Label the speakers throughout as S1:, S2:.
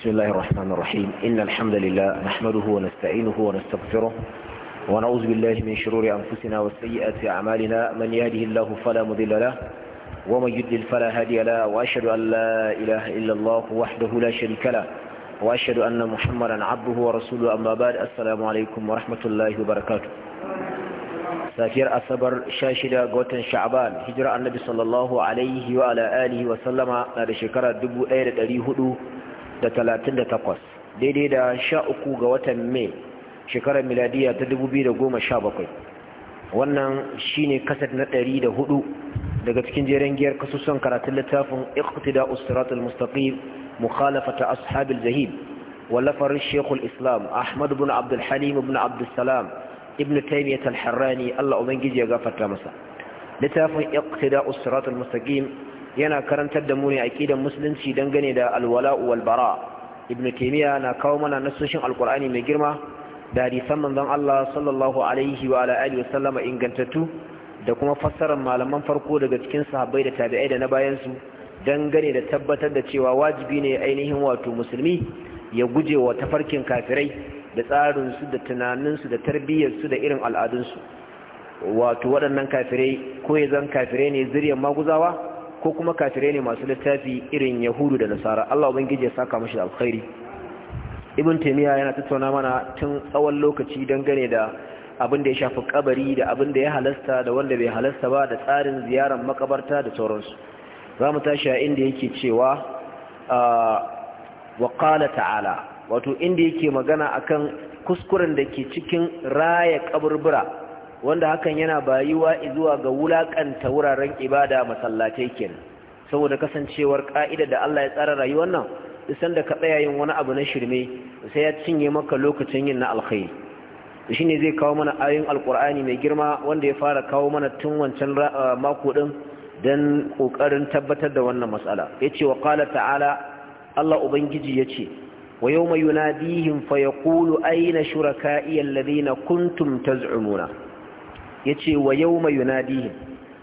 S1: بسم الله الرحمن الرحيم إن الحمد لله نحمده ونستعينه ونستغفره ونعوذ بالله من شرور أنفسنا وسيئات أعمالنا من يهده الله فلا مضل له ومن يضلل فلا هادي له وأشهد أن لا إله إلا الله وحده لا شريك له وأشهد أن محمدا عبده ورسوله أما بعد السلام عليكم ورحمة الله وبركاته سافر asabar sha shida شعبان هجرة النبي صلى الله عليه وعلى آله وسلم alihi wa sallama na da shekara da talatin da takwas daidai da sha uku ga watan mai shekarar miladiya ta dubu biyu da goma sha bakwai wannan shine kasat na ɗari da hudu daga cikin jerin giyar kasusun karatun littafin iqtida usratul mustaqim mukhalafata ashabil zahid wallafar shekul islam ahmad bin abdul halim bin abdul salam ibn taymiyyah al-harrani Allah ubangiji ya gafarta masa littafin iqtida usratul mustaqim yana karantar da mu ne aqidar musulunci dangane da alwala wal bara ibn taymiya na kawo mana nasoshin alqur'ani mai girma da hadisan manzon Allah sallallahu alaihi wa ala alihi wasallama ingantattu da kuma fassarar malaman farko daga cikin sahabbai da tabi'ai da na bayansu, su dangane da tabbatar da cewa wajibi ne ainihin wato musulmi ya guje wa tafarkin kafirai da tsarin da tunanin da tarbiyyar da irin al'adunsu. wato waɗannan kafirai ko ya zan kafirai ne zuriyar maguzawa ko kuma kafirai ne masu littafi irin yahudu da nasara Allah ubangiji ya saka mashi alkhairi ibn taymiya yana tattauna mana tun tsawon lokaci dangane da abin da ya shafi kabari da abin da ya halasta da wanda bai halasta ba da tsarin ziyarar makabarta da sauransu za mu tashi a inda yake cewa wa qala ta'ala wato inda yake magana akan kuskuren da ke cikin raya kaburbura wanda hakan yana bayuwa zuwa ga wulakanta wuraren ibada masallatai kenan saboda kasancewar ka'ida da Allah ya tsara rayuwar nan isan da ka tsaya yin wani abu na shirme sai ya cinye maka lokacin yin na alkhairi shine zai kawo mana ayoyin alkur'ani mai girma wanda ya fara kawo mana tun wancan ah, mako din dan kokarin tabbatar da wannan matsala yace wa qala ta'ala Allah ubangiji yace wa yawma yunadihim fayaqulu ayna shuraka'iya alladhina kuntum taz'umuna ya ce wa yau mai yunadihim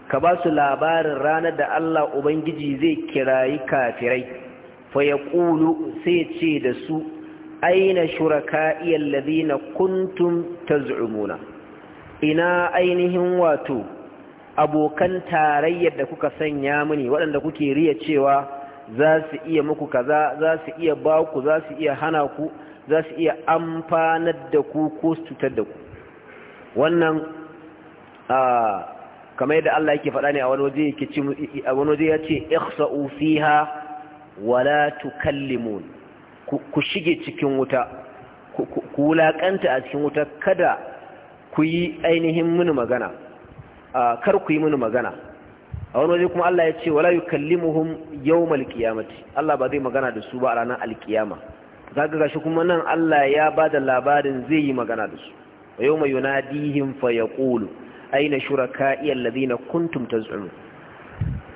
S1: ka ba su labarin ranar da Allah Ubangiji zai kirayi kafirai fa ya ƙulu sai ce da su aina shuraka'iyyar lazina kuntum ta zu'umuna ina ainihin wato abokan tarayyar da kuka sanya mini waɗanda kuke riya cewa za su iya muku kaza za su iya ba ku za su iya hana ku za su iya amfanar da ku ko su cutar da ku wannan kamar yadda Allah yake faɗa ne a wani waje yake ce a wani waje yace ikhsa'u fiha wala tukallimun ku shige cikin wuta ku wulakanta a cikin wuta kada ku yi ainihin mini magana kar ku yi mini magana a wani waje kuma Allah ya ce wala yukallimuhum yawmal qiyamati Allah ba zai magana da su ba a ranar alkiyama zaka gashi kuma nan Allah ya bada labarin zai yi magana da su yawma yunadihim fa yaqulu aina shuraka'i allazina kuntum taz'umun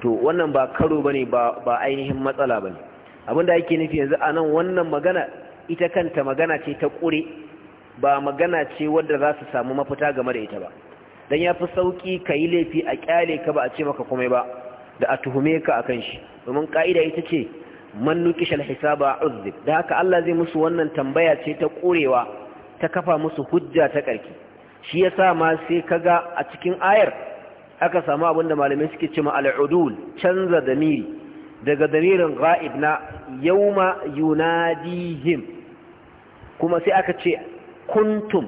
S1: to wannan ba karo bane ba ba ainihin matsala bane abinda yake nufi yanzu anan wannan magana ita kanta magana ce ta kure ba magana ce wadda za su samu mafita game da ita ba dan yafi sauki kai laifi a kyale ka ba a ce maka komai ba da a tuhume ka akan shi domin ka'ida ita ce man nukishal hisaba uzib da haka Allah zai musu wannan tambaya ce ta kurewa ta kafa musu hujja ta karki shi yasa ma sai kaga a cikin ayar aka samu abinda malamai suke cima al'udul canza damiri daga damirin ghaib na yauma yunadihim kuma sai aka ce kuntum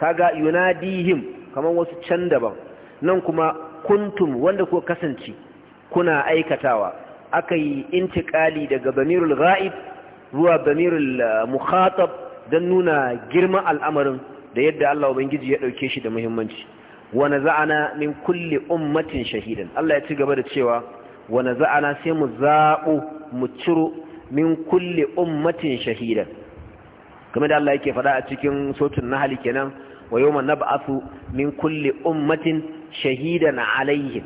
S1: kaga yunadihim kamar wasu can daban nan kuma kuntum wanda kuka kasance kuna aikatawa aka yi intikali daga damirin ghaib zuwa damirin eh, mukhatab don nuna girman al'amarin da yadda Allah ubangiji ya ɗauke shi da muhimmanci wane za'ana min kulle ummatin shahidan Allah ya ci gaba da cewa wane za'ana sai mu zaɓo mu ciro min kulle ummatin shahidan game da Allah yake faɗa a cikin sotun hali kenan wa yawma nab'athu min kulle ummatin shahidan alaihim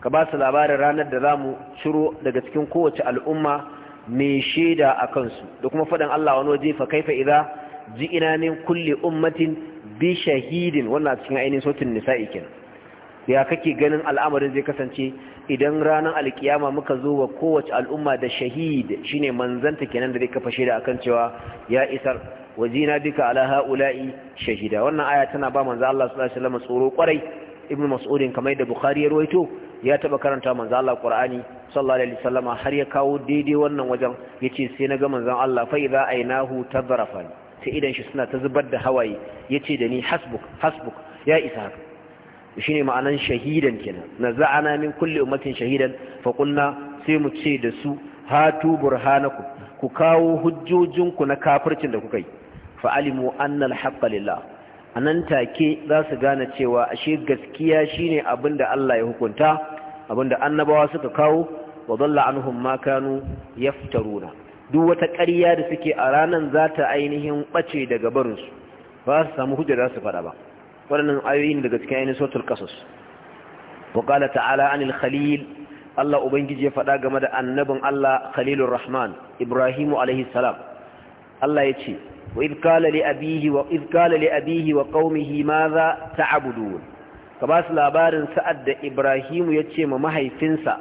S1: ka ba su labarin ranar da za mu ciro daga cikin kowace al'umma mai shaida a kansu da kuma faɗin Allah wani waje fa kaifa idza ji'ina ne kulle ummatin bi shahidin wannan cikin ainihin sautin nisa'i kenan ya kake ganin al'amarin zai kasance idan ranar alkiyama muka zo wa kowace al'umma da shahid shine manzanta kenan da zai kafa shaida akan cewa ya isar wajina bika ala haula'i shahida wannan aya tana ba manzo Allah sallallahu alaihi wasallam tsoro kwarai ibnu Mas'udin kamar da bukhari ya ruwaito ya taba karanta manzo Allah qur'ani sallallahu alaihi wasallam har ya kawo daidai wannan wajen yace sai naga manzan Allah fa idza ainahu tadrafan sai idan shi suna ta zubar da hawaye Ya ce da ni hasbuk hasbuk ya isa haka shine ma'anan shahidan kenan naza'ana min kulle umarcin shahidan fa sai mu ce da su hatu Burhanaku, ku kawo hujjojinku na kafircin da kuka yi fa alimu anna al A nan take za su gane cewa ashe gaskiya shine abinda Allah ya hukunta abinda annabawa suka kawo wa dalla anhum ma kanu yaftaruna duk wata ƙarya da suke a ranar za ta ainihin ɓace daga barinsu ba su samu hujjar za su faɗa ba waɗannan ayoyin daga cikin ainihin sautul ƙasas waƙala ta'ala anil khalil Allah Ubangiji ya faɗa game da annabin Allah khalilur rahman Ibrahimu alaihi salam Allah ya ce wa idh qala li abihi wa idh qala li abihi wa qaumihi madha ta'budun ka ba su labarin sa'ad da Ibrahimu ya ce ma mahaifinsa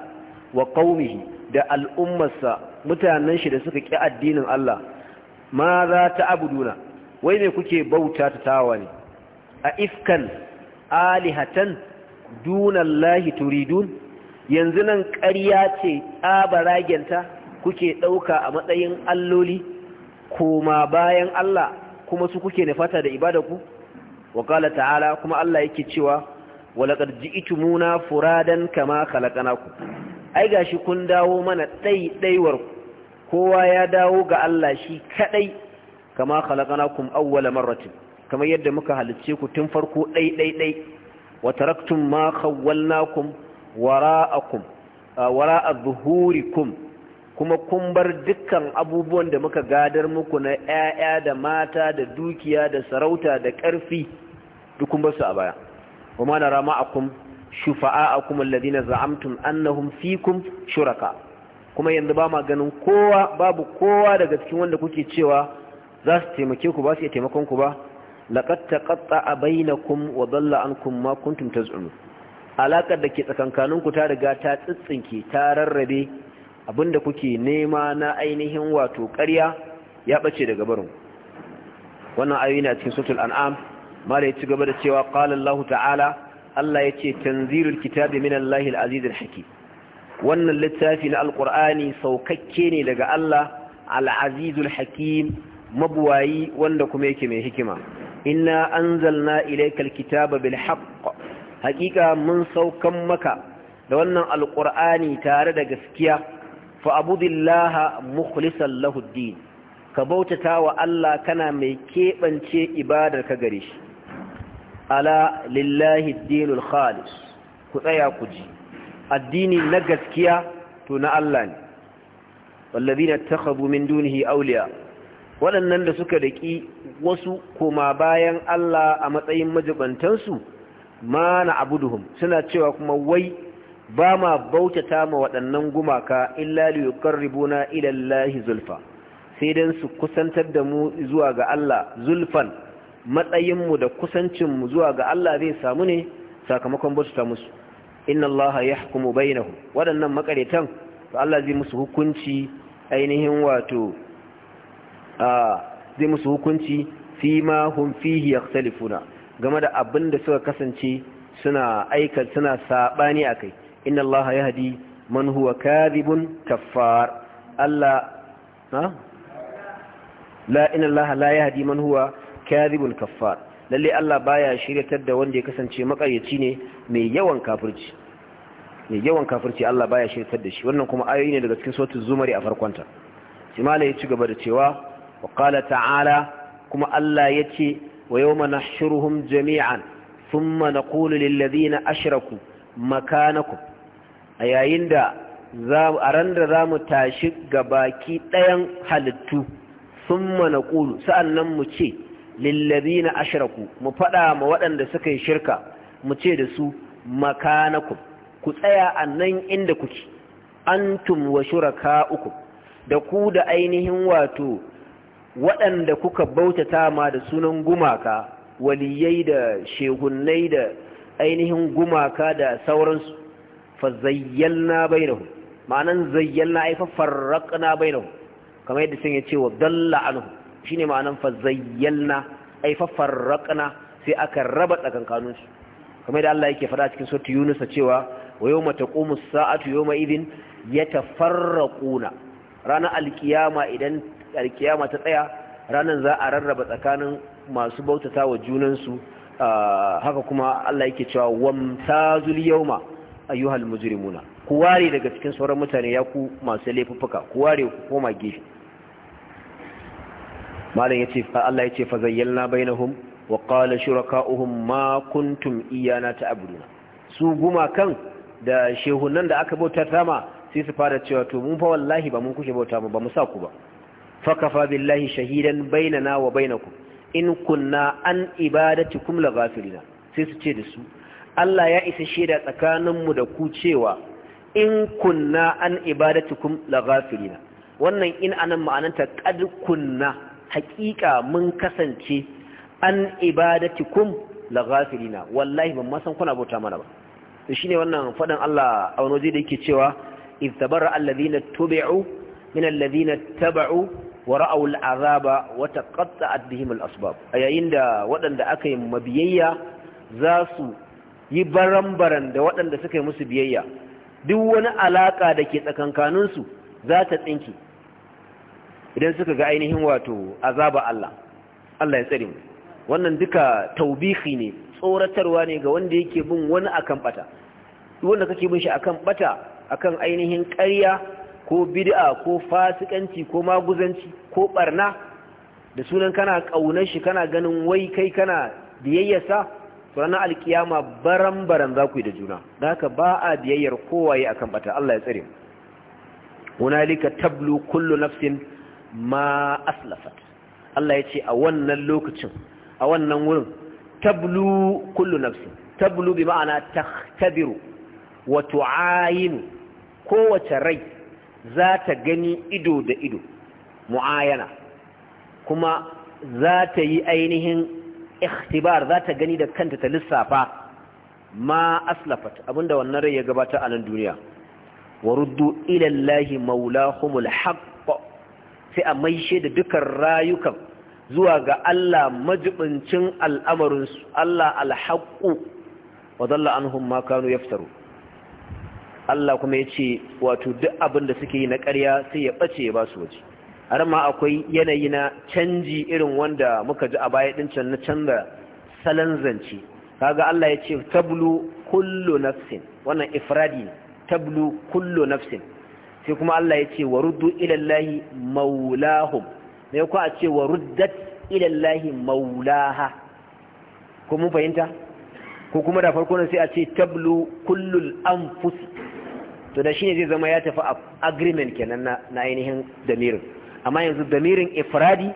S1: wa qaumihi da al'ummarsa mutanen shi da suka ƙi addinin Allah ma za ta abuduna wai me kuke bauta ta tawa ne a ifkan alihatan lahi turidun yanzu nan ƙarya ce tsabaragenta kuke ɗauka a matsayin alloli koma bayan Allah kuma su kuke nufata da ibadaku wa kala ta'ala kuma Allah yake cewa walaƙar ji'itumuna furadan kama kalaƙanaku. ai gashi kun dawo mana ɗaiɗaiwar kowa ya dawo ga Allah shi kaɗai kama khalaqnakum awwala marratin kamar yadda muka halicce ku tun farko ɗai ɗai ɗai wa taraktum ma khawwalnakum wara'akum wara'a zuhurikum kuma kun bar dukkan abubuwan da muka gadar muku na ƴaƴa da mata da dukiya da sarauta da ƙarfi duk kun su a baya kuma na rama ma'akum shufa'a'akum alladhina za'amtum annahum fikum shuraka kuma yanzu ba ma ganin kowa babu kowa daga cikin wanda kuke cewa za su taimake ku ba su taimakon ku ba laqad taqatta'a bainakum wa dalla ankum ma kuntum taz'umun alakar da ke tsakankanin ku ta riga ta tsitsinke ta rarrabe abinda kuke nema na ainihin wato ƙarya ya bace daga barin wannan ayoyi na a cikin suratul an'am mala ya ci gaba da cewa qala Allahu ta'ala Allah ya ce tanzirul kitabi min Allahil azizil hakim wannan littafi na alqur'ani saukakke ne daga Allah al-azizul hakim mabuwayi wanda kuma yake mai hikima inna anzalna ilaykal kitaba bil haqq haqiqa mun saukan maka da wannan alqur'ani tare da gaskiya fa abudillaha mukhlishan lahu ad-din ka bautata wa Allah kana mai kebance ibadar ka gare shi ala lillahi dinul khalis ku tsaya ku ji addini na gaskiya to na Allah ne wallazina takhabu min dunihi awliya waɗannan da suka daki wasu koma bayan Allah a matsayin majibantansu ma na abuduhum suna cewa kuma wai ba ma bautata ma waɗannan gumaka illa li yuqarribuna ila zulfa sai dan su kusantar da mu zuwa ga Allah zulfan matsayinmu da kusancinmu zuwa ga Allah zai samu ne sakamakon bauta musu inna Allah ya hukumu bainahu waɗannan makaretan to Allah zai musu hukunci ainihin wato zai musu hukunci fi ma hum fihi yakhtalifuna game da abin da suka kasance suna aikar suna sabani akai inna Allah yahdi man huwa kadhibun kaffar Allah ha la inna Allah la yahdi man huwa kadhibul kaffar lalle Allah baya shiryatar da wanda ya kasance makaryaci ne mai yawan kafirci mai yawan kafirci Allah baya shiryatar da shi wannan kuma ayoyi ne daga cikin suratul zumari a ta. simala ya ci gaba da cewa wa qala ta'ala kuma Allah yace wa yawma nahshuruhum jami'an thumma naqulu lil ladina ashraku makanakum a yayin da a ran da za mu tashi gabaki ɗayan halittu sun mana sa'an nan mu ce lillabina ashraku mu faɗa ma waɗanda suka yi shirka mu ce da su makanakum ku tsaya a nan inda kuke antum wa shuraka uku, da ku da ainihin wato waɗanda kuka bautata ma da sunan gumaka waliyai da shehunnai da ainihin gumaka da sauransu fa zayyalna bainahum ma'anan zayyalna ai fa farraqna bainahum kamar yadda sun yace wa dalla anhu shine ma'anan fa zayyalna ay fa sai aka raba tsakankanunsu su kamar da Allah yake faɗa cikin sura yunusa cewa wa yawma taqumu as-sa'atu yawma idhin yatafarraquna ranar alkiyama idan alkiyama ta tsaya ranar za a rarraba tsakanin masu bautata wa junansu ah, haka kuma Allah yake cewa yau ma, ayyuhal mujrimuna ku ware daga cikin sauran mutane ya ku masu laifuffuka ku ware ku koma gefe malam yace fa Allah yace fa zayyalna bainahum wa qala shuraka'uhum ma kuntum iyana ta'buduna su kan da nan da aka bauta tama sai su fara cewa to mun fa wallahi ba mun kuke bauta mu ba mu sa ku ba fa kafa billahi shahidan bainana wa bainakum in kunna an ibadatikum ghafirina sai su ce da su Allah ya isa shaida tsakanin mu da ku cewa in kunna an ibadatikum ghafirina wannan in anan ta kad kunna haƙiƙa mun kasance an kum la ghafilina wallahi ban masan kuna bauta mana ba to shine wannan fadan Allah a wani da yake cewa iz tabarra alladhina tubi'u min alladhina taba'u wa ra'aw al'azaba wa taqatta'at bihim al'asbab ayayin da waɗanda aka yi mabiyayya za su yi barambaran da waɗanda suka yi musu biyayya duk wani alaƙa da ke tsakankaninsu za ta tsinki idan suka ga ainihin wato azaba Allah Allah ya tsare mu wannan duka taubihi ne tsoratarwa ne ga wanda yake bin wani akan bata wanda kake bin shi akan bata akan ainihin ƙarya ko bid'a ko fasikanci ko maguzanci ko barna da sunan kana kaunar shi kana ganin wai kai kana biyayyarsa to ranar alkiyama baran-baran za ku yi da juna da haka ba a biyayyar kowaye akan bata Allah ya tsare mu hunalika tablu kullu nafsin ma aslafat Allah ya ce a wannan lokacin a wannan wurin tablu kullu nafsin tablu bi ma'ana takhtabiru wa tu'ayinu kowace rai za ta gani ido da ido mu'ayana kuma za ta yi ainihin ikhtibar za ta gani da kanta ta lissafa ma aslafat abinda wannan rai ya gabata a nan duniya wa ruddu ila Allah maulahumul haqq sai a maishe da dukan rayukan zuwa ga Allah majibincin al'amarinsu Allah alhaƙu wa zalla an hun makano ya fitaru Allah kuma ya ce wato duk abin da suke yi na ƙarya sai ya ɓace ya ba su waje har ma akwai yanayi na canji irin wanda muka ji a baya ɗin can na canza salon zance kaga Allah ya ce tablu kullu nafsin wannan ifradi tablu kullu nafsin sai kuma Allah ya ce wa ruddu ilallahi maulahum mai kuwa a ce wa ruddat ilallahi maulaha ko mun fahimta ko kuma da farko sai a ce tablu kullul anfus to da shine zai zama ya tafi agreement kenan na ainihin damirin amma yanzu damirin ifradi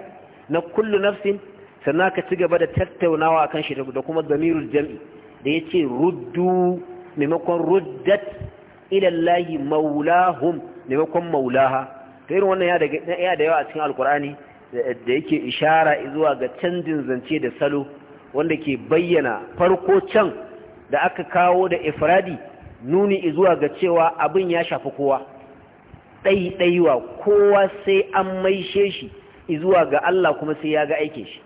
S1: na kullu nafsin sannan ka ci gaba da tattaunawa akan shi da kuma damirul jam'i da yace ruddu maimakon ruddat ilallahi maulahum maimakon maulaha ta irin wannan ya da yawa a cikin alkur'ani da yake ishara zuwa ga canjin zance da salo wanda ke bayyana farko can da aka kawo da ifradi nuni zuwa ga cewa abin ya shafi kowa ɗaiɗaiwa kowa sai an maishe shi zuwa ga Allah kuma sai ya ga aike shi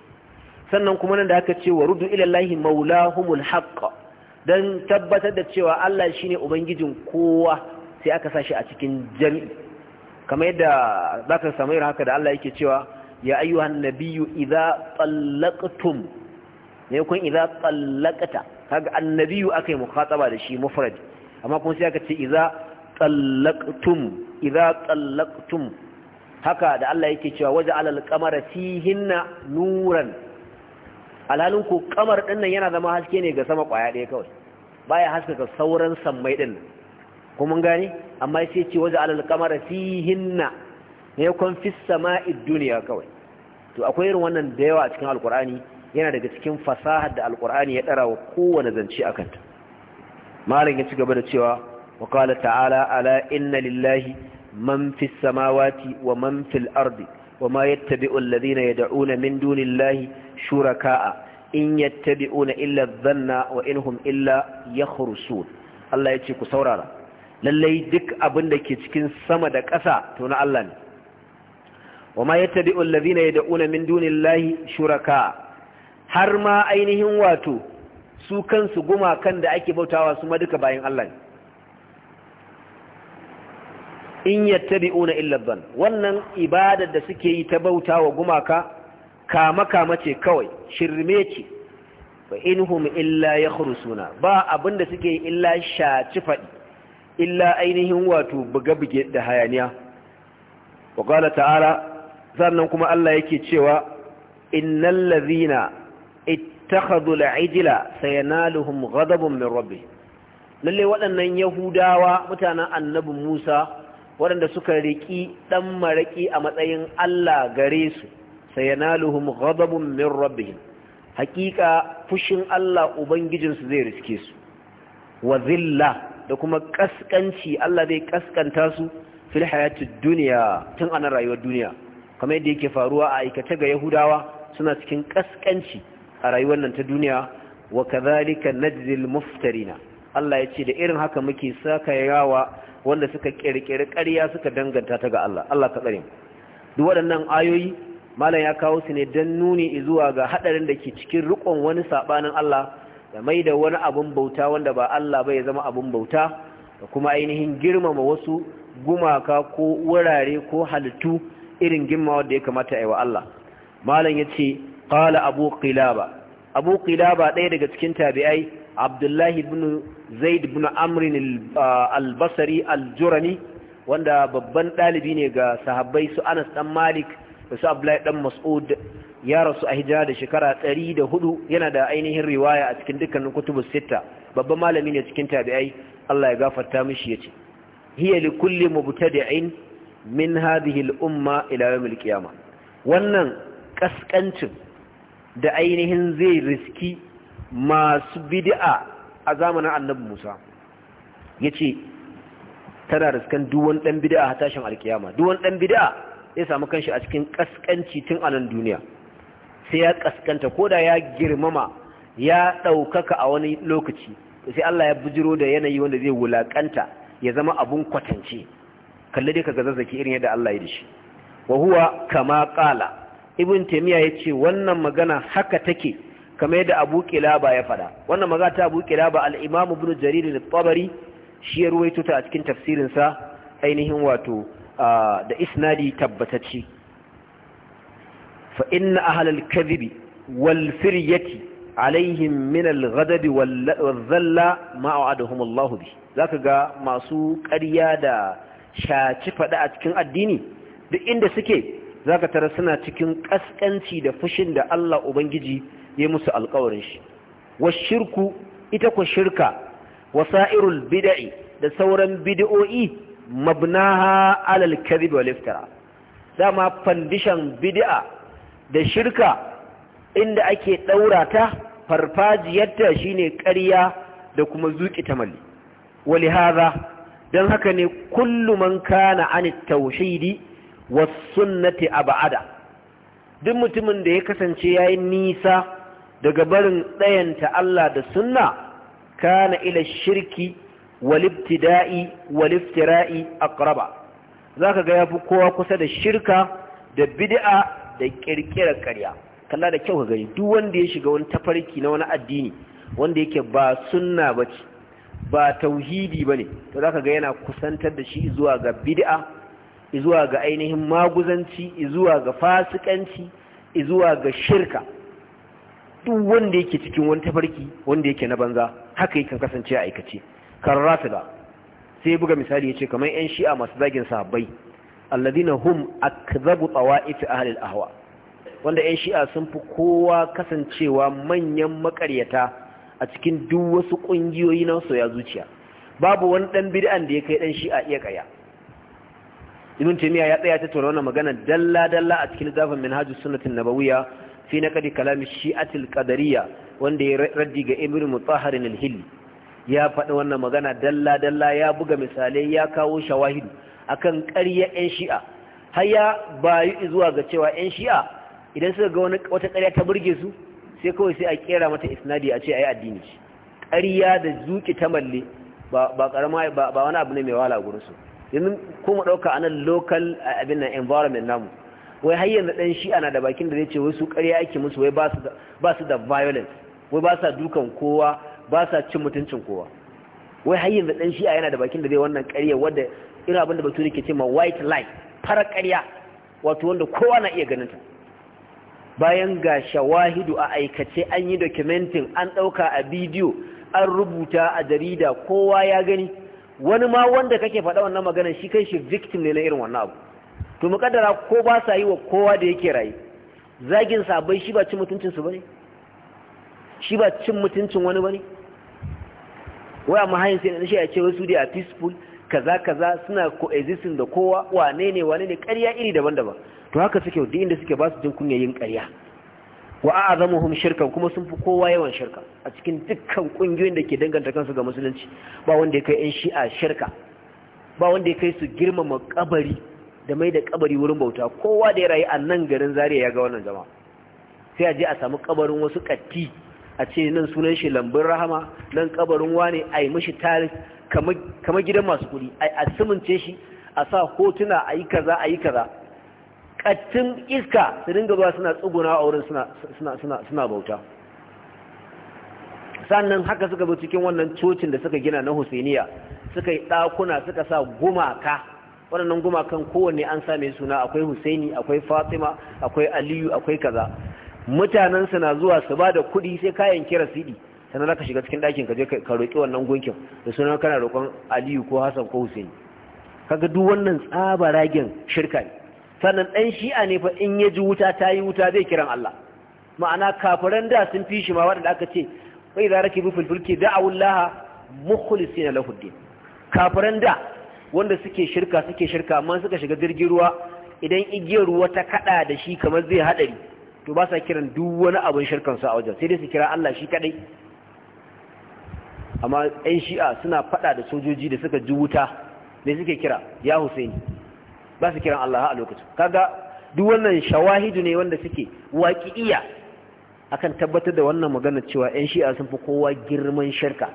S1: sannan kuma nan da aka ce wa rudu ilallahi maulahumul haqqa don tabbatar da cewa Allah shi ne ubangijin kowa sai aka sa shi a cikin jami'i kamar yadda za ka samu irin haka da Allah yake cewa ya ayyuhan nabiyu idza tallaqtum ne kun idza tallaqta kaga annabiyyu akai mukhataba da shi mufrad amma kun sai aka ce idza tallaqtum idza tallaqtum haka da Allah yake cewa waje alal qamara fihinna nuran alhalin ku kamar dinnan yana zama haske ne ga sama kwaya ɗaya kawai baya haskaka sauran sammai dinnan ko mun gane amma sai ce waje alal kamara fihinna ne kon fis sama'i duniya kawai to akwai irin wannan da yawa a cikin alkur'ani yana daga cikin fasahar da alkur'ani ya dara wa kowane zance a kanta. malam ya ci gaba da cewa wa qala ta'ala ala inna lillahi man fis samawati wa man fil ardi wa ma yattabi'u alladhina yad'una min dunillahi shuraka'a in yattabi'una illa dhanna wa inhum illa yakhrusun Allah ya ce ku saurara lallai duk abin da ke cikin sama da ƙasa to na Allah ne wa ma yattabi'u allazina yad'una min dunillahi shuraka har ma ainihin wato su kansu guma kan da ake bautawa su ma duka bayan Allah ne in yattabi'una illa dhann wannan ibadar da suke yi ta bautawa gumaka kama kama ce kawai shirme ce fa inhum illa yakhrusuna ba abinda suke yi illa shaci fadi illa ainihin wato buge-buge da hayaniya wa ƙwala ta'ala sannan kuma Allah yake cewa innal lazina ittakhadhu al'ijla sayanaluhum ghadabun min rabbi lalle waɗannan yahudawa mutanen annabi Musa waɗanda suka riki dan maraki a matsayin Allah gare su sayanaluhum ghadabun min rabbihim hakika fushin Allah ubangijinsu zai riske su wa zilla da kuma kaskanci Allah zai kaskanta su fil hayatid dunya tun anan rayuwar duniya kamar yadda yake faruwa a aikace ga Yahudawa suna cikin kaskanci a rayuwar nan ta duniya wa kadhalika najzil muftarina Allah ya ce da irin haka muke saka yawa wanda suka kirkire ƙarya suka danganta ta ga Allah Allah ka tsare duk waɗannan ayoyi malam ya kawo su ne dan nuni zuwa ga hadarin da ke cikin riƙon wani sabanin Allah da mai da wani abun bauta wanda ba Allah ba ya zama abun bauta da kuma ainihin girmama wasu gumaka ko wurare ko halittu irin girmama da ya kamata a yi wa Allah malam ya ce ƙala abu ƙilaba abu ƙilaba ɗaya daga cikin tabi'ai abdullahi bin zaid bin amrin al-Jurani, wanda babban ɗalibi ne ga sahabbai su anas ɗan malik da abdullahi dan mas'ud ya rasu a hijira da shekara 104 yana da ainihin riwaya a cikin dukkanin kutubus sita babban malami ne cikin tabi'ai Allah ya gafarta mishi yace hiya li kulli mubtadi'in min hadhihi al-umma ila yawm al wannan kaskancin da ainihin zai riski masu bid'a a zamanin Annabi Musa yace tana riskan duwan dan bid'a a tashin alkiyama duwan dan bid'a zai samu kanshi a cikin kaskanci tun a nan duniya sai ya kaskanta ko da ya girmama ya ɗaukaka a wani lokaci sai Allah ya bujiro da yanayi wanda zai wulaƙanta ya zama abun kwatance kalli dai ga zazzaki irin yadda Allah ya dashi wa huwa kama qala ibn taymiya yace wannan magana haka take kamar yadda Abu Qilaba ya faɗa wannan magana ta Abu Qilaba al-Imam Ibn Jarir al-Tabari shi ya ruwaito ta a cikin tafsirin sa ainihin wato da isnadi tabbatacce fa inna ahlal kadhibi wal firyati alaihim min al ghadabi wal dhalla ma wa'adahum Allah bi zaka ga masu ƙarya da shaci fada a cikin addini duk inda suke zaka tara suna cikin kaskanci da fushin da Allah ubangiji ya musu alƙawarin shi washirku ita ko shirka wasairul bid'i da sauran bid'o'i mabnaha alal kadhib wal iftira dama fandishan bid'a da shirka inda ake daura ta farfajiyarta shine ƙarya da kuma zuki malli. wali dan haka ne kullu man kana an tauhidi was sunnati abada duk mutumin da ya kasance yayi nisa daga barin ɗayanta Allah da sunna kana ila shirki walibtida'i waliftira'i aqraba zaka ga yafi kowa kusa da shirka da bid'a da ƙirƙirar ƙarya kalla da kyau ka gani duk wanda ya shiga wani tafarki na wani addini wanda yake ba sunna bace ba tauhidi bane to zaka ga yana kusantar da shi zuwa ga bid'a zuwa ga ainihin maguzanci zuwa ga fasikanci zuwa ga shirka duk wanda yake cikin wani tafarki wanda yake na banza haka yakan kasance aikace da, sai buga misali ya ce kamar yan shi'a masu zagin sahabbai alladina hum akzabu tawa'if ahli al-ahwa wanda yan shi'a sun fi kowa kasancewa manyan makaryata a cikin duk wasu kungiyoyi na soya zuciya babu wani ɗan bid'an da ya kai ɗan shi'a iya kaya ibn taymiya ya tsaya ta tura wannan magana dalla dalla a cikin zafin minhajus sunnatin nabawiyya fi naqdi kalami shi'atil qadariyya wanda ya raddi ga ibn mutahhar al-hilli ya faɗi wannan magana dalla dalla ya buga misalai ya kawo shawahidu akan ƙarya 'yan shi'a har ya bayu zuwa ga cewa 'yan shi'a idan suka ga wani wata ƙarya ta burge su sai kawai sai a kera mata isnadi a ce ayi addini ƙarya da zuƙi ta malle ba ƙarama ba wani abu ne mai wahala gurin su yanzu kuma ɗauka a nan local abin nan environment namu wai har yanzu ɗan shi'a na da bakin da zai ce wai su ƙarya ake musu wai ba su da violence wai ba sa dukan kowa ba sa cin mutuncin kowa wai har yanzu dan shi'a yana da bakin da zai wannan ƙarya wanda irin abin da bature ke ma white lie fara ƙarya wato wanda kowa na iya ganin ta bayan ga shawahidu a aikace an yi documentin an ɗauka a bidiyo an rubuta a jarida kowa ya gani wani ma wanda kake faɗa wannan maganar shi kai shi victim ne na irin wannan abu to mukaddara ko ba sa yi wa kowa da yake rayu zagin sabai shi ba cin mutuncin su bane shi ba cin mutuncin wani bane waya mahayin sai na shi a ce wasu dai a peaceful kaza kaza suna coexisting da kowa wane ne wane ne ƙarya iri daban-daban to haka suke duk inda suke ba su jin kunya yin ƙarya wa a'azamuhum shirkan kuma sun fi kowa yawan shirka a cikin dukkan kungiyoyin da ke danganta kansu ga musulunci ba wanda ya kai yan shi'a shirka ba wanda ya kai su girmama kabari da mai da kabari wurin bauta kowa da ya rayu a nan garin Zaria ya ga wannan jama'a sai a je a samu kabarin wasu katti a ce nan sunan shi lambun rahama nan kabarin wane a yi mashi tarif kamar gidan masu kuɗi a simince shi a sa hotuna a yi kaza a yi kaza ƙattun iska su dinga ba suna tsuguna a wurin suna bauta sannan haka suka bi cikin wannan cocin da suka gina na Hussainiya suka yi ɗakuna suka sa gumaka waɗannan gumakan kowanne an same suna akwai Hussaini, akwai Fatima akwai Aliyu akwai kaza mutanen na zuwa su bada kuɗi sai kayan kira sidi sannan zaka shiga cikin ɗakin ka je ka roƙi wannan gunkin da sunan kana roƙon Aliyu ko Hassan ko Hussein kaga duk wannan tsaba ragen shirka ne sannan ɗan shi'a ne fa in ya ji wuta ta yi wuta zai kiran Allah ma'ana kafiran da sun fi shi ma waɗanda aka ce wai za da bufin fulki da'awun laha mukhlisi na lahuddin kafiran da wanda suke shirka suke shirka amma suka shiga jirgin ruwa idan igiyar ruwa ta kaɗa da shi kamar zai haɗari to ba sa kiran duk wani abin shirkansu a wajen sai dai su kira Allah shi kadai amma 'yan shi'a suna fada da sojoji da suka ji wuta ne suke kira ya husaini ba su kiran Allah a lokacin kaga duk wannan shawahidu ne wanda suke waƙi'iya akan tabbatar da wannan magana cewa 'yan shi'a sun fi kowa girman shirka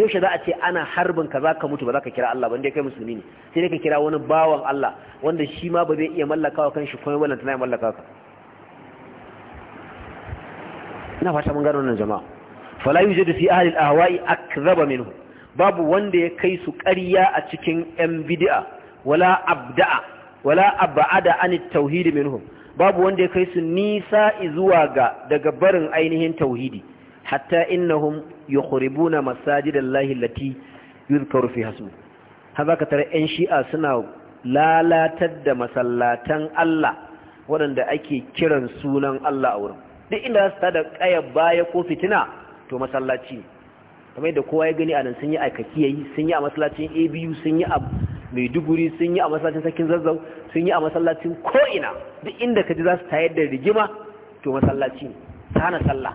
S1: yaushe za a ce ana harbin ka za ka mutu ba za ka kira Allah ba inda kai musulmi ne sai dai ka kira wani bawan Allah wanda shi ma ba zai iya mallakawa kan shi kuma wannan tana mallaka ka ina fata mun gano wannan jama'a fala yujadu fi ahli al-ahwa'i akdhaba minhu babu wanda ya kai su ƙarya a cikin yan bid'a wala abda'a wala ab'ada an tauhid minhum babu wanda ya kai su nisa zuwa ga daga barin ainihin tauhidi hatta innahum yukhribuna masajidallahi allati yuzkaru fi hasmu haka ka tare yan shi'a suna lalatar da masallatan Allah waɗanda ake kiran sunan Allah a wurin duk inda za su tada kaya baya ko fitina to masallaci kamar yadda kowa ya gani a nan sun yi a kakiyayi sun yi a masallacin abu sun yi a maiduguri sun yi a masallacin sakin zazzau sun yi a masallacin ko'ina duk inda ka ji za su tayar da rigima to masallaci ta hana sallah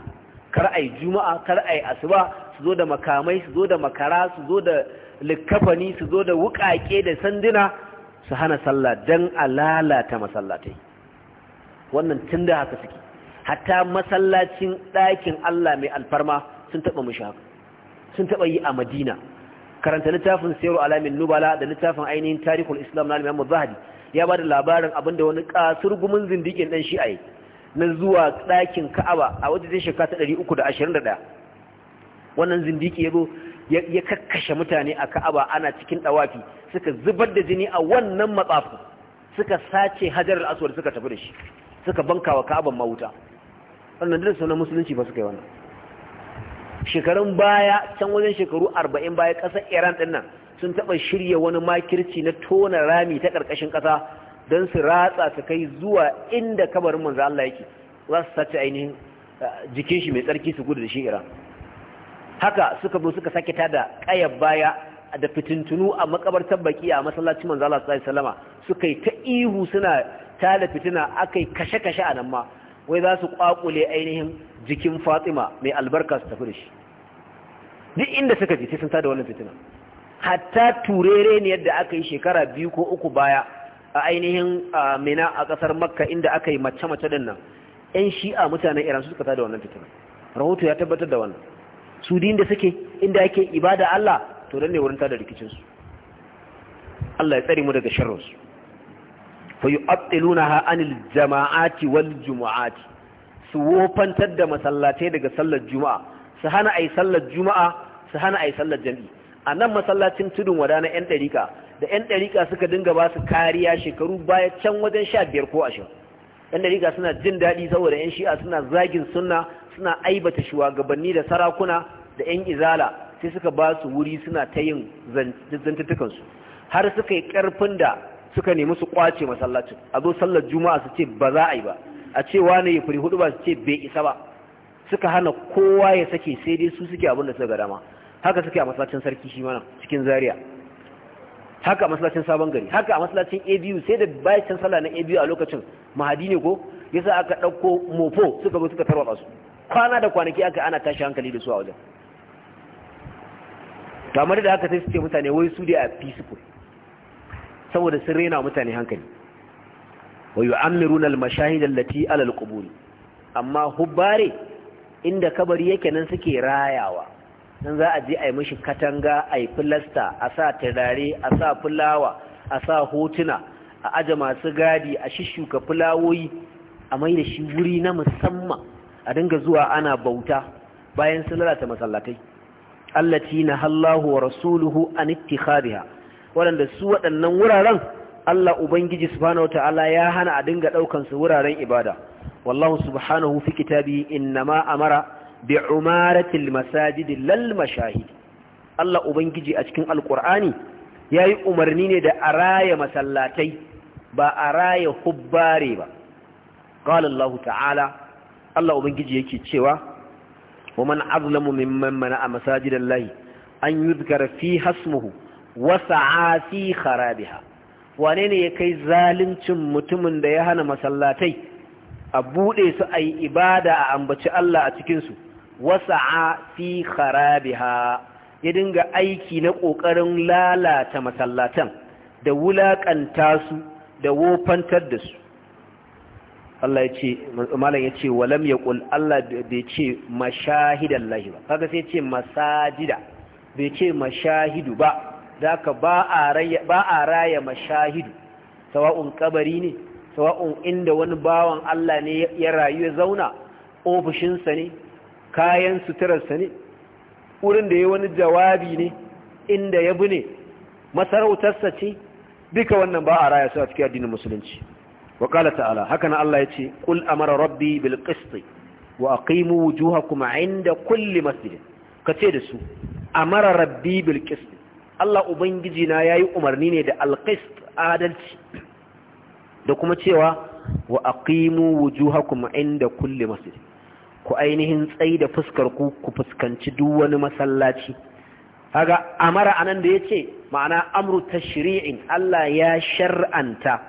S1: kar a yi juma'a kar a yi asuba su zo da makamai su zo da makara su zo da likkafani su zo da wukake da sanduna su hana sallah don a lalata masallatai wannan tun da haka suke hatta masallacin ɗakin Allah mai alfarma sun taɓa sun taɓa yi a madina karanta littafin sayar alamin nubala da littafin ainihin tarihul islam na alimamu zahadi ya ba da labarin abinda wani kasur gumin zindikin ɗan shi'ai na zuwa ɗakin ka'aba a wajen shekara ta ɗari uku da ashirin da ɗaya wannan zindiki ya kakkashe mutane a ka'aba ana cikin ɗawafi suka zubar da jini a wannan matsafi suka sace hajar al'asuwar suka tafi da shi suka banka wa ka'aban mawuta wannan da sunan musulunci ba su kai wannan shekarun baya can wajen shekaru 40 baya kasar Iran din nan sun taba shirya wani makirci na tona rami ta karkashin kasa don su ratsa su kai zuwa inda kabarin manzo Allah yake za su sace ainihin eh, jikin shi mai tsarki su gudu da shi Iran haka suka bi suka sake tada ƙayar baya da fitintunu a makabartar baki a masallacin manzo Allah sallallahu alaihi wasallama suka yi ta ihu suna tada fitina akai kashe-kashe a nan ma wai za su kwakule ainihin jikin fatima mai albarka su tafi da shi duk inda suka ji sun tada wannan fitina hatta turere ne yadda aka yi shekara biyu ko uku baya a ainihin mina a kasar makka inda aka yi mace-mace din nan yan shi'a mutanen iran suka tada wannan fitina rahoto ya tabbatar da wannan su din da suke inda ake ibada allah to dan ne wurin tada rikicinsu allah ya tsare mu daga sharrosu fa anil jama'ati wal jumu'ati su wofantar da masallatai daga sallar juma'a su hana ai sallar juma'a su hana ai sallar jami'i a nan masallacin tudun wada na yan ɗarika da yan ɗarika suka dinga ba su kariya shekaru baya can wajen sha biyar ko ashirin yan ɗarika suna jin daɗi saboda yan shi'a suna zagin sunna suna aibata shugabanni da sarakuna da yan izala sai suka ba su wuri suna ta yin zantattukansu har suka yi ƙarfin da suka nemi su kwace masallacin a zo sallar juma'a su ce ba za a yi ba a ce wani ya furi hudu ba su ce bai isa ba suka hana kowa ya sake sai dai su suke abin da suka dama haka suke a masallacin sarki shi mana cikin zaria haka a masallacin sabon gari haka a masallacin abu sai da bayan sallah na abu a lokacin mahadi ne ko yasa aka ɗauko mofo suka zo suka tarwatsa su kwana da kwanaki aka ana tashi hankali da su a wajen kamar da haka sai su ce mutane wai su dai a peaceful saboda sun rena mutane hankali wa yu'ammiruna al-mashahid allati alal qubur amma hubare inda kabari yake nan suke rayawa nan za a je a yi mishi katanga a yi filasta a sa turare a sa fulawa a sa hotuna a aje masu gadi a shishuka fulawoyi a mai da shi wuri na musamman a dinga zuwa ana bauta bayan sun lalata masallatai allati na hallahu wa rasuluhu an ittikhadiha waɗanda su waɗannan wuraren Allah Ubangiji subhanahu ta'ala ya hana a dinga ɗaukansu su wuraren ibada wallahu subhanahu fi kitabi innama amara bi umaratil masajid lal mashahid Allah Ubangiji a cikin ya yayi umarni ne da araya masallatai ba araya hubbare ba qala Allah ta'ala Allah Ubangiji yake cewa wa man azlamu mimman masajidan masajidallahi an yuzkara fi hasmuhu wasa'a fi kharabiha wane ne ya kai zaluncin mutumin da ya hana masallatai a buɗe su a yi ibada a ambaci Allah a cikinsu wasa'a fi kharabiha ya dinga aiki na ƙoƙarin lalata masallatan da wulaƙanta su da wofantar da su Allah ya ce malam ya ce walam ya ƙul Allah ya ce mashahidan lahi ba kaga sai ce masajida bai ce mashahidu ba da ka ba a raya mashahidu sawa'un kabari ne sawa'un inda wani bawan Allah ne ya rayu ya zauna ofishinsa ne kayan suturarsa ne wurin da ya wani jawabi ne inda ya bi ne masarautarsa ce duka wannan ba a raya su a cikin addinin musulunci wa ta'ala haka na Allah ya ce kul amara rabbi bil qisti wa aqimu wujuhakum inda kulli masjid kace da su amara rabbi bil qisti Allah Ubangiji na ya yi umarni ne da alƙist adalci da kuma cewa wa aqimu wujuhakum inda kulli masjid ku ainihin tsayi da fuskar ku ku fuskanci duk wani masallaci kaga amara anan da yace ma'ana amru tashri'in Allah ya shar'anta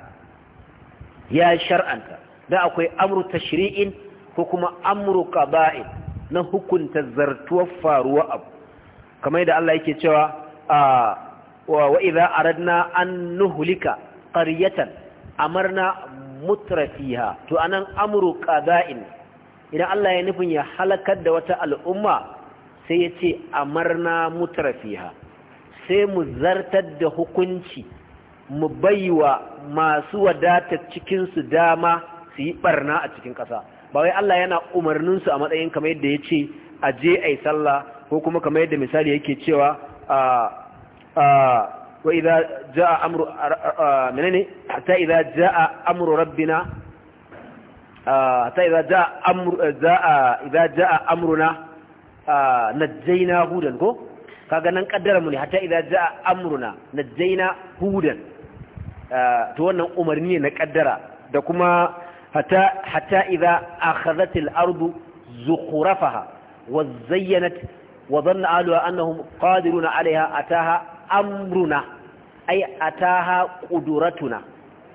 S1: ya shar'anta da akwai amru tashri'in ko kuma amru qada'in na hukunta zartuwar faruwa abu kamar da Allah yake cewa wa idza aradna an nuhlika qaryatan amarna mutrafiha to anan amru qada'in idan Allah ya nufin ya halakar da wata al'umma sai ya ce amarna mutrafiha sai mu zartar da hukunci mu baiwa masu wadata cikinsu dama su yi barna a cikin ƙasa ba wai Allah yana umarninsu a matsayin kamar yadda ya ce a je a yi sallah ko kuma kamar yadda misali yake cewa wa idza jaa amru menene nan kaddara mu ne hatta idza jaa hudan to wannan umarni ne na kaddara da kuma hatta hatta idza akhadhat al-ardu zukhrafaha wa zayyanat wa zanna aluha annahum qadiruna alaiha ataha amruna ai ataha quduratuna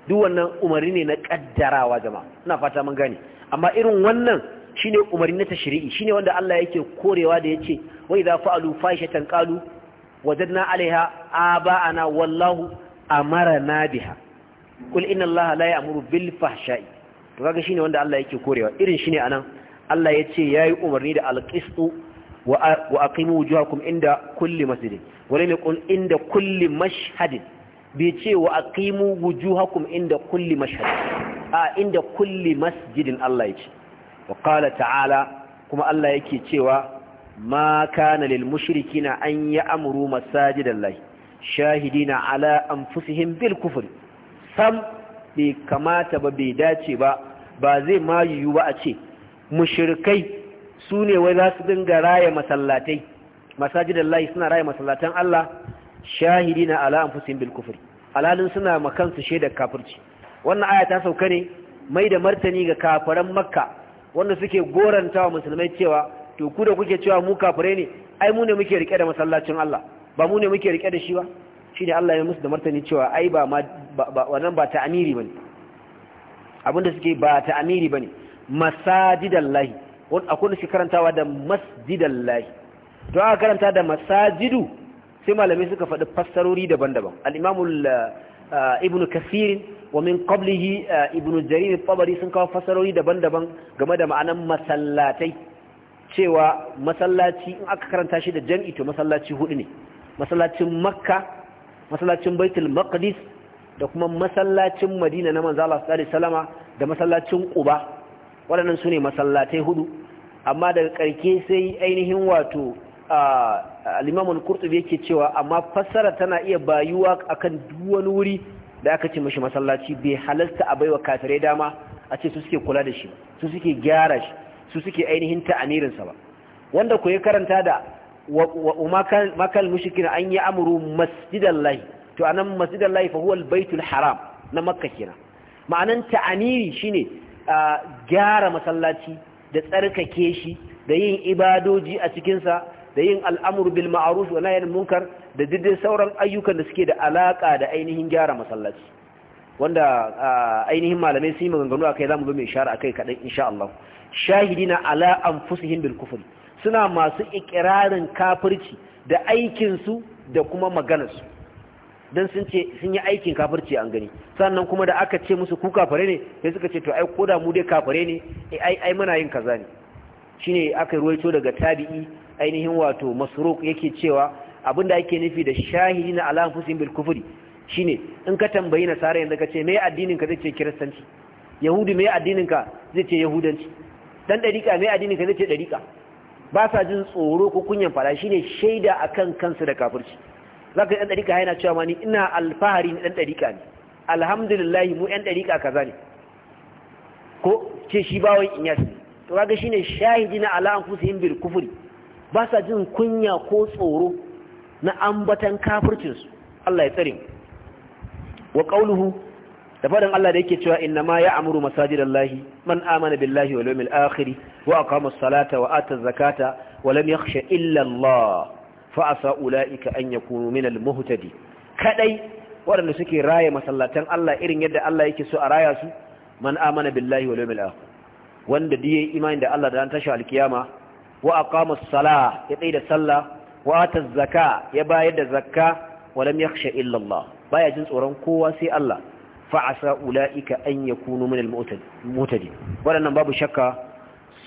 S1: duk wannan umarni ne na kaddarawa jama'a ina fata mun gane amma irin wannan shine umarni na tashri'i shine wanda Allah yake korewa da yace wa idza fa'alu fahishatan qalu wajadna alaiha aba'ana wallahu na biha kul inna allaha la ya'muru bil fahsha'i to kaga shine wanda Allah yake korewa irin shine anan Allah yace yayi umarni da alqistu wa aqimu wujuhakum inda kulli masjid wa lam yaqul inda kulli mashhad bi ce wa aqimu wujuhakum inda kulli mashhad a inda kulli masjidin Allah yace wa qala ta'ala kuma Allah yake cewa ma kana lil mushrikina an ya'muru masajidallahi shahidina ala anfusihim bil kufr sam bai kamata ba bai dace ba ba zai ma yiwu ba a ce mushrikai su ne wai za su dinga raya masallatai masajidan layi suna raya masallatan Allah shahidi na ala anfusin bil kufri alalin suna makansu shaidar kafirci wannan aya ta sauka ne mai da martani ga kafiran makka wanda suke goranta wa musulmai cewa to ku da kuke cewa mu kafirai ne ai mu ne muke rike da masallacin Allah ba mu ne muke rike da shi ba shine Allah ya musu da martani cewa ai ba ma wannan ba ta amiri bane abinda suke ba ta amiri bane masajidallahi akwai shi karantawa da masjidan lahi to aka karanta da masajidu sai malamai suka faɗi fassarori daban-daban al'imamul uh, uh, ibn kasirin wa min qablihi uh, ibn jarir tabari sun kawo fassarori daban-daban game da ma'anan masallatai cewa masallaci in aka karanta shi da jam'i to masallaci hudu ne masallacin makka masallacin baitul maqdis da kuma masallacin madina na Manza Allah sallallahu alaihi wasallama da masallacin quba waɗannan su ne masallatai hudu amma daga ƙarke sai ainihin wato limamun kurtubi yake cewa amma fassara tana iya bayuwa akan duk wani wuri da aka ce mashi masallaci bai halasta a baiwa kafirai dama a ce su suke kula da shi su suke gyara shi su suke ainihin ta'amirinsa ba wanda ku ya karanta da makal mushrikin an yi amuru masjidallahi to anan masjidallahi fa huwa baitul haram na makka kenan ma'anan ta'amiri shine gyara masallaci da tsarkake shi da yin ibadoji a cikinsa da yin al'amur bil ma'aruf wa layar munkar da diddin sauran ayyukan da suke da alaƙa da ainihin gyara masallaci wanda ainihin malamai sun yi maganganu a akai zamu zo mai a kai kadan insha Allah na ala fusihin bil kufuri suna masu ikirarin kafirci da aikinsu da kuma maganarsu. dan sun ce sun yi aikin kafirci an gani sannan kuma da aka ce musu ku kafare ne sai suka ce to ai koda mu dai kafare ne eh, ai ai muna yin kaza ne shine aka ruwaito daga tabi'i ainihin wato masruq yake cewa abinda ake nufi da shahidina ala anfusihim bil kufri shine in ka tambayi nasara yanzu ka ce me addinin ka zai ce kiristanci yahudi me addinin ka zai ce yahudanci dan dariqa me addinin ka zai ce dariqa ba sa jin tsoro ko kunyan fara shine shaida akan kansu da kafirci za ka ɗan ɗarika yana cewa ma ni ina alfahari na ɗan ɗarika ne alhamdulillahi mu ɗan ɗarika kaza ne ko ce shi bawon inyas ne to kaga shine shahidi na ala anfusihim bil kufri ba sa jin kunya ko tsoro na ambatan kafircin su Allah ya tsare wa qawluhu da faɗin Allah da yake cewa inna ma ya'muru masajidallahi man amana billahi wal yawmil akhir wa aqama as-salata wa ata az-zakata wa lam yakhsha illa Allah fa asa ulaika an yakunu min al kadai waɗanda suke raya masallatan Allah irin yadda Allah yake so a raya su man amana billahi wal yawmil wanda diye imani da Allah da an tashi alkiyama wa a kama salah ya tsaya da sallah wa zaka ya bayar da zakka wa lam yakhsha illallah baya jin tsoron kowa sai Allah fa asa ulaika an yakunu min al-mu'tadi waɗannan babu shakka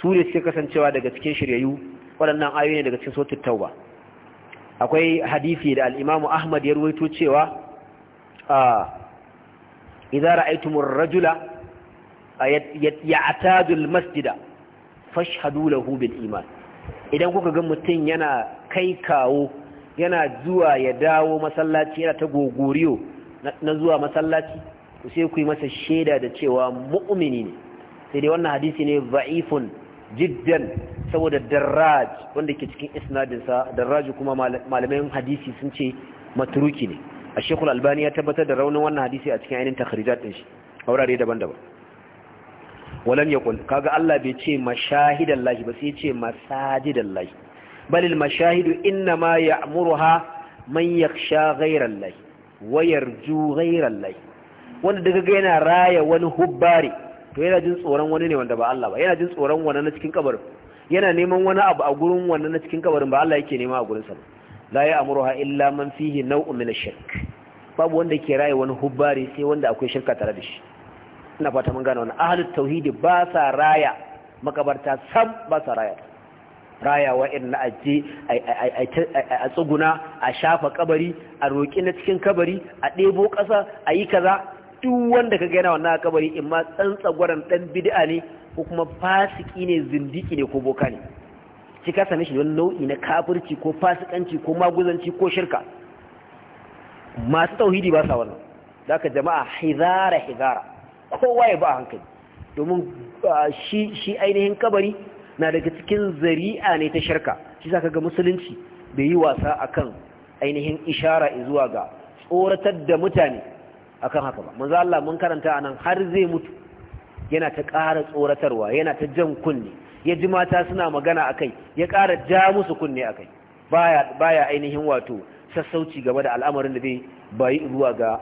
S1: su ne suke kasancewa daga cikin shiryayyu waɗannan ayoyi ne daga cikin suratul tauba akwai hadisi da al-Imam Ahmad ya ruwaito cewa a ah, idza ra'aytumur rajula ya'tadu al-masjida fashhadu lahu bil iman idan kuka ga mutum yana kai kawo yana zuwa ya dawo masallaci yana ta gogoriyo na zuwa masallaci sai ku yi masa shaida da cewa mu'mini ne sai dai wannan hadisi ne za'ifun jiddan saboda darraj wanda ke cikin isnadinsa darraj kuma malamai hadisi sun ce matruki ne a shekul albani ya tabbatar da raunin wannan hadisi a cikin ainihin takharijat ɗin shi a wurare daban-daban ya yaqul kaga Allah bai ce mashahidan lahi ba sai ya ce masajidan lahi balil mashahidu inna ma ha man sha gairan lahi wayar ju gairan lahi wanda daga ga yana raya wani hubbari to yana jin tsoron wani ne wanda ba Allah ba yana jin tsoron wani na cikin kabarin yana neman wani abu a gurin wani na cikin kabarin ba Allah yake nema a gurin sa la ya amruha illa man fihi naw'un min ash-shirk babu wanda ke rayi wani hubbari sai wanda akwai shirka tare da shi ina fata mun gane wannan ahlul tauhid ba sa raya makabarta sam ba sa raya rayawa irin na aje a tsuguna a shafa kabari a roki na cikin kabari a ɗebo ƙasa a yi kaza duk wanda ka yana wannan kabari in ma tsantsagwaran dan bid'a ne ko kuma fasiki ne zindiki ne ko boka ne shi ka same shi wani nau'i na kafirci ko fasikanci ko maguzanci ko shirka masu tauhidi ba sa wannan da ka jama'a hizara hizara kowa ya ba hankali domin shi ainihin kabari na daga cikin zari'a ne ta shirka shi ka ga musulunci bai yi wasa akan ainihin ishara zuwa ga tsoratar da mutane akan haka ba manzo Allah mun karanta anan har zai mutu yana ta ƙara tsoratarwa yana ta jan kunni ya ji mata suna magana akai ya ƙara ja musu kunni akai baya baya ainihin wato sassauci game da al'amarin da zai bayi zuwa ga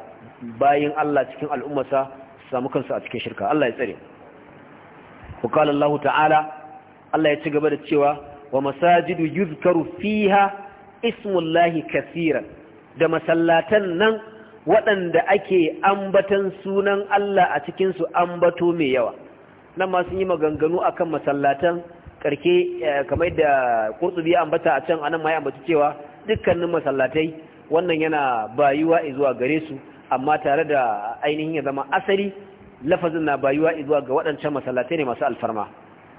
S1: bayin Allah cikin al'ummarsa samu kansu a cikin shirka Allah ya tsare ku Allah ta'ala Allah ya ci gaba da cewa wa masajidu yuzkaru fiha ismullahi kaseeran da masallatan nan waɗanda ake ambatan sunan Allah a cikinsu ambato mai yawa nan ma sun yi maganganu kan masallatan ƙarke eh, kamar da kurtsubi ambata a can a nan ma ya ambata cewa dukkanin masallatai wannan yana bayuwa izuwa gare su amma tare da ainihin ya zama asali lafazin na bayuwa izuwa ga waɗancan masallatai ne masu alfarma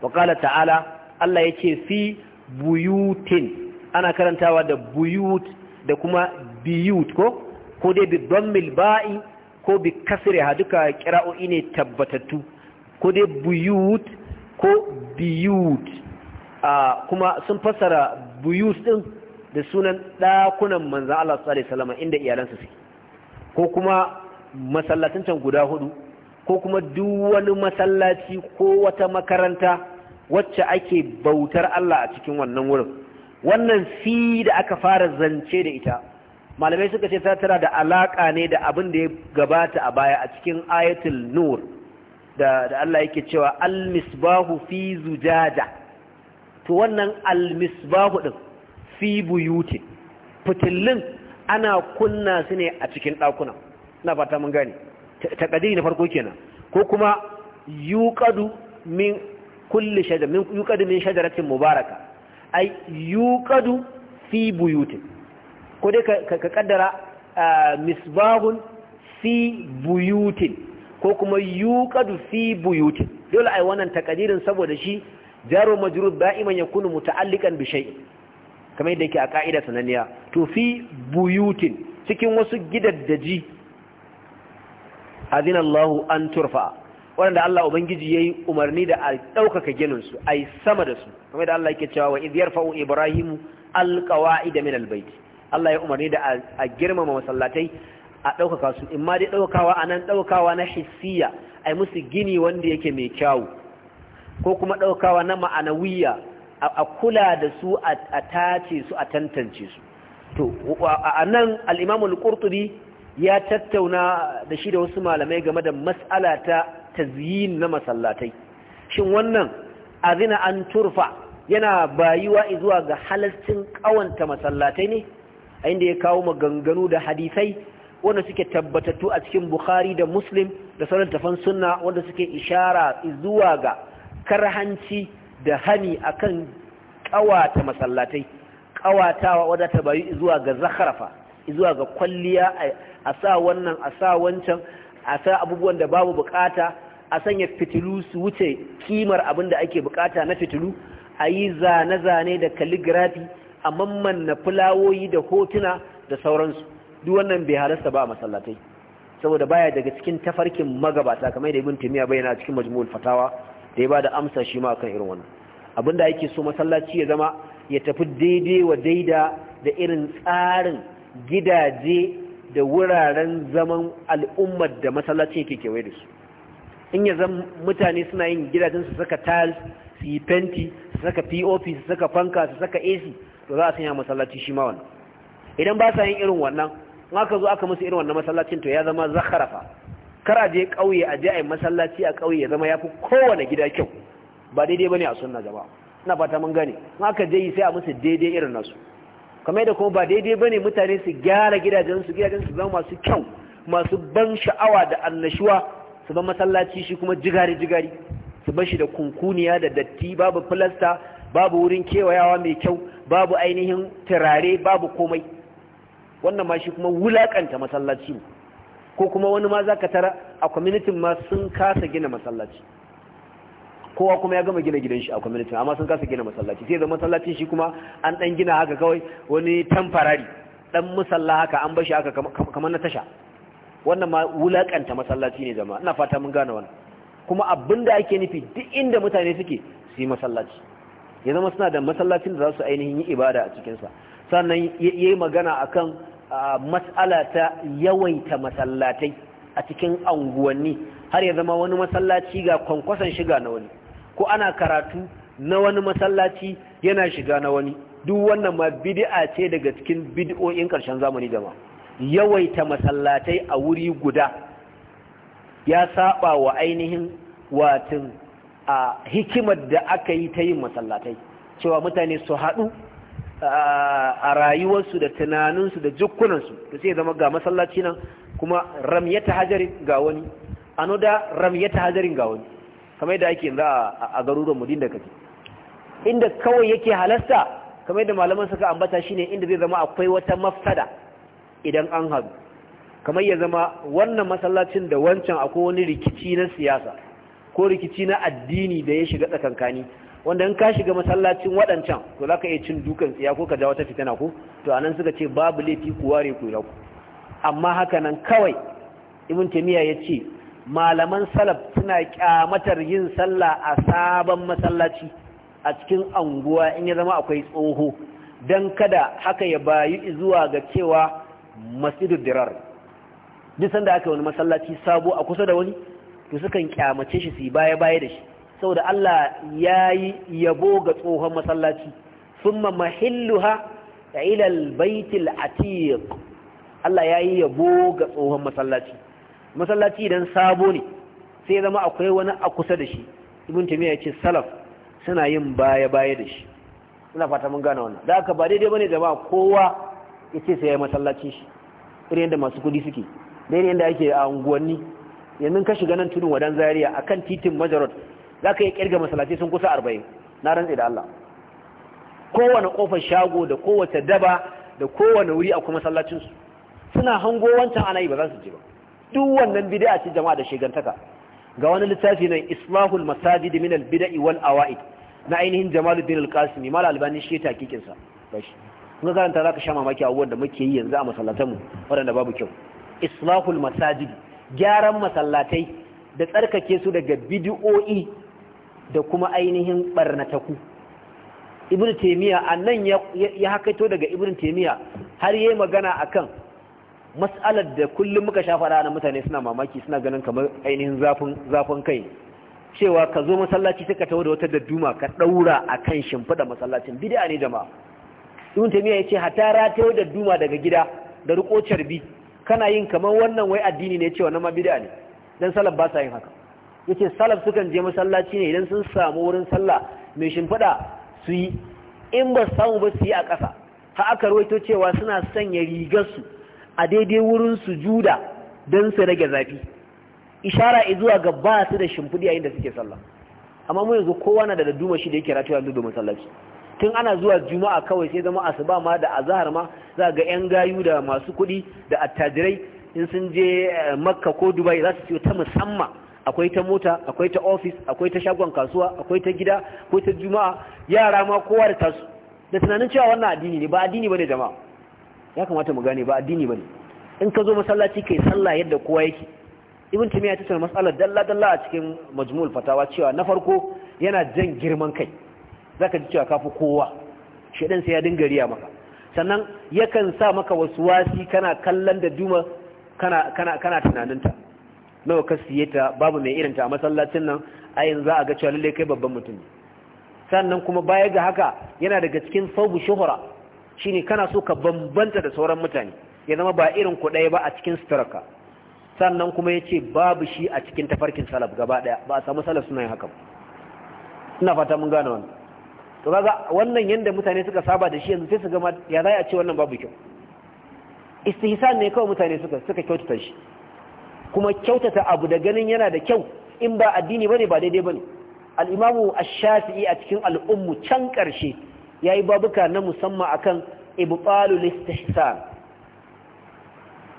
S1: waƙala ta'ala Allah ya ce fi buyutin ana karantawa da buyut da kuma biyut ko ko dai bi dammil ba'i ko bi ha duka qira'o'i ne tabbatattu ko dai buyut ko biyut a kuma sun fassara buyut din da sunan ɗakunan manzo Allah sallallahu alaihi wasallam inda iyalansa suke ko kuma masallacin can guda hudu ko kuma duk wani masallaci ko wata makaranta wacce ake bautar Allah a cikin wannan wurin wannan fi da aka fara zance da ita malamai suka ce ta tara da alaka ne da abin da ya gabata a baya a cikin ayatul nur da da Allah yake cewa al-misbahu fi zujada to wannan al-misbahu din fi buyuti fitillin ana kunna su ne a cikin ɗakuna na fata mun gani. ta taƙadiri na farko kenan ko kuma yuqadu min kulli shajara min yuqadu min shajaratin mubaraka ay yuqadu fi buyuti. ko dai ka kaddara misbahun fi buyutin ko kuma yuqadu fi buyutin dole ai wannan takadirin saboda shi jaro majrur da'iman yakunu muta'alliqan bi shay'in kamar yadda yake a ka'ida sananniya to fi buyutin cikin wasu gidaddaji azinallahu an turfa wanda Allah ubangiji yayi umarni da a daukaka ginin su ai sama da su kamar yadda Allah yake cewa wa idh yarfa'u ibrahimu alqawaida min albayt Allah ya umarni da a girmama masallatai a ɗaukaka su in ma dai ɗaukakawa a nan ɗaukawa na hissiya a musu gini wanda yake mai kyawu ko kuma ɗaukawa na ma'anawiya a kula da su a tace su a tantance su to a nan alimamul al-qurtubi ya tattauna da shi da wasu malamai game da mas'ala ta tazyin na masallatai shin wannan azina an turfa yana bayuwa zuwa ga halarcin ƙawanta masallatai ne a inda ya kawo maganganu da hadisai wanda suke tabbatattu a cikin bukhari da muslim da sauran tafan sunna wanda suke ishara zuwa ga karhanci da hani akan kawata masallatai kawatawa wanda ta bayu zuwa ga zakharafa zuwa ga kwalliya a sa wannan a sa wancan a sa abubuwan da babu bukata a sanya fitilu su wuce kimar abin da ake bukata na fitilu a yi zane-zane da calligraphy a mamman na fulawoyi da hotuna da sauransu duk wannan bai halasta ba a masallatai saboda baya daga cikin tafarkin magabata kamar da ibn timiya bayyana cikin majmu'ul fatawa da ya ba da amsa shi ma kan irin wannan abinda yake so masallaci ya zama ya tafi daidai wa daida da irin tsarin gidaje da wuraren zaman al'ummar da masallaci yake kewaye da su in ya zama mutane suna yin gidajen su saka tiles su yi fenti su saka pop su saka fanka su saka ac to za a sanya masallaci shi ma wannan idan ba sa yin irin wannan in aka zo aka musu irin wannan masallacin to ya zama zakarafa kar a je kauye a je a yi masallaci a kauye ya zama yafi kowane gida kyau ba daidai bane a sunna jama'a ina fata mun gane in aka je yi sai a musu daidai irin nasu kamar da kuma ba daidai bane mutane su gyara gidajen su zama masu kyau masu ban sha'awa da annashuwa su ba masallaci shi kuma jigari jigari su bashi shi da kunkuniya da datti babu filasta babu wurin kewayawa mai kyau babu ainihin turare babu komai wannan ma shi kuma wulakanta masallaci ko kuma wani ma za ka tara a kwamitin ma sun kasa gina masallaci kowa kuma ya gama gina gidan shi a kwamitin amma sun kasa gina masallaci sai da masallacin shi kuma an dan gina haka kawai wani tamfarari dan musalla haka an bashi haka kamar na tasha wannan ma wulakanta masallaci ne jama'a ina fata mun gane wannan kuma abinda ake nufi duk inda mutane suke su yi masallaci ya zama suna da masallacin da za su ainihin yi ibada a cikinsa sannan ya yi magana akan matsala ta yawaita masallatai a cikin anguwanni har ya zama wani masallaci ga kwankwason shiga na wani ko ana karatu na wani masallaci yana shiga na wani duk wannan ma bid'a ce daga cikin bid'o'in karshen zamani jama'a yawaita masallatai a wuri guda ya saba wa ainihin watin a hikimar da aka yi ta yin masallatai cewa mutane su haɗu a rayuwarsu da tunaninsu da jukkunansu da sai zama ga masallaci nan kuma ramyata hajarin ga wani anoda ramyata hajarin ga wani kamar yadda ake yanzu a garuruwan mudin da kaji inda kawai yake halasta kamar yadda malaman suka ambata shine inda zai zama akwai wata mafsada idan an haɗu kamar ya zama wannan masallacin da wancan akwai wani rikici na siyasa ko rikici na addini da ya shiga tsakankani wanda in ka shiga masallacin waɗancan to za ka iya cin dukan tsiya ko ka ja wata fitana ko to anan suka ce babu laifi ku ware ku ku amma haka nan kawai ibn taymiya ya ce malaman salaf suna kyamatar yin sallah a sabon masallaci a cikin anguwa in ya zama akwai tsoho dan kada haka ya bayu zuwa ga cewa masjidul dirar duk sanda aka wani masallaci sabo a kusa da wani to sukan kyamace shi su baya baya da shi Sau da Allah ya yi yabo ga tsohon masallaci thumma mahilluha ilal baitil atiq. Allah ya yi yabo ga tsohon masallaci masallaci idan sabo ne sai zama akwai wani a kusa da shi ibn tamiya ce salaf suna yin baya baya da shi ina fata mun gane wannan da aka ba daidai bane jama'a kowa yace sai ya yi masallaci shi irin yadda masu kudi suke daidai yadda ake a unguwanni yanzu ka shiga nan tudun wadan a akan titin majarot za ka yi kirga masallaci sun kusa arba'in na rantse da Allah kowane kofar shago da kowace daba da kowane wuri akwai masallacinsu suna hango wancan ana yi ba za su ji ba duk wannan bid'a ce jama'a da shegantaka ga wani littafi ne islahul masajid min al bid'i wal awa'id na ainihin jamaluddin al qasimi mal albani shi ta kikin sa bashi kun karanta zaka sha mamaki abubuwan da muke yi yanzu a masallatanmu wadanda waɗanda babu kyau islahul masajid gyaran masallatai da tsarkake su daga bidi'o'i da kuma ainihin barnataku ibn taimiyya annan ya hakaito daga ibn taimiyya, har yayi magana akan mas'alar da kullum muka shafa ranar mutane suna mamaki suna ganin kamar ainihin zafin zafin kai cewa ka zo masallaci sai ka tawo da wata dadduma ka daura akan shimfida masallacin bid'a ne jama'a ibn taymiya yace hata da dadduma daga gida da riko carbi kana yin kamar wannan wai addini ne cewa na ma bid'a ne dan salaf ba sa yin haka yace salaf sukan je masallaci ne idan sun samu wurin sallah mai shimfida su yi in ba samu ba su yi a ƙasa ha aka rawaito cewa suna sanya su a daidai wurin sujuda don su rage zafi ishara zuwa ga ba su da shimfiɗi yayin da suke sallah amma mu yanzu kowa na da daduma shi da yake ratuwa da domin sallaci tun ana zuwa juma'a kawai sai zama asuba ma da azahar ma za ga yan gayu da masu kuɗi da attajirai in sun je eh, makka ko dubai za su ciyo ta musamman akwai ta mota akwai ta ofis akwai ta shagon kasuwa akwai ta gida akwai ta juma'a yara ma kowa da tasu da tunanin cewa wannan addini ne ba addini bane jama'a ya kamata mu gane ba addini bane in ka zo masallaci kai sallah yadda kowa yake ibn timiya ta tsara matsalar dalla dalla a cikin majmu'ul fatawa cewa na farko yana jan girman kai Za ka ji cewa kafi kowa shedan sai ya dinga riya maka sannan yakan sa maka wasu wasi kana kallon da duma kana kana kana tunaninta nawa ka ta babu mai irin ta a masallacin nan a yanzu za a ga cewa lalle kai babban mutum sannan kuma baya ga haka yana daga cikin saubu shuhura shine kana so ka bambanta da sauran mutane ya zama ba irin ku ɗaya ba a cikin suturarka sannan kuma ya ce babu shi a cikin tafarkin salaf gaba ɗaya ba a samu salaf suna yin haka ina fata mun gane wannan to kaga wannan yanda mutane suka saba da shi yanzu sai su gama ya za a ce wannan babu kyau istihsan ne kawai mutane suka suka kyautata shi kuma kyautata abu da ganin yana da kyau in ba addini bane ba daidai bane al-imamu ash-shafi'i a cikin al'ummu can karshe yayi babuka na musamman akan ibtalu istihsan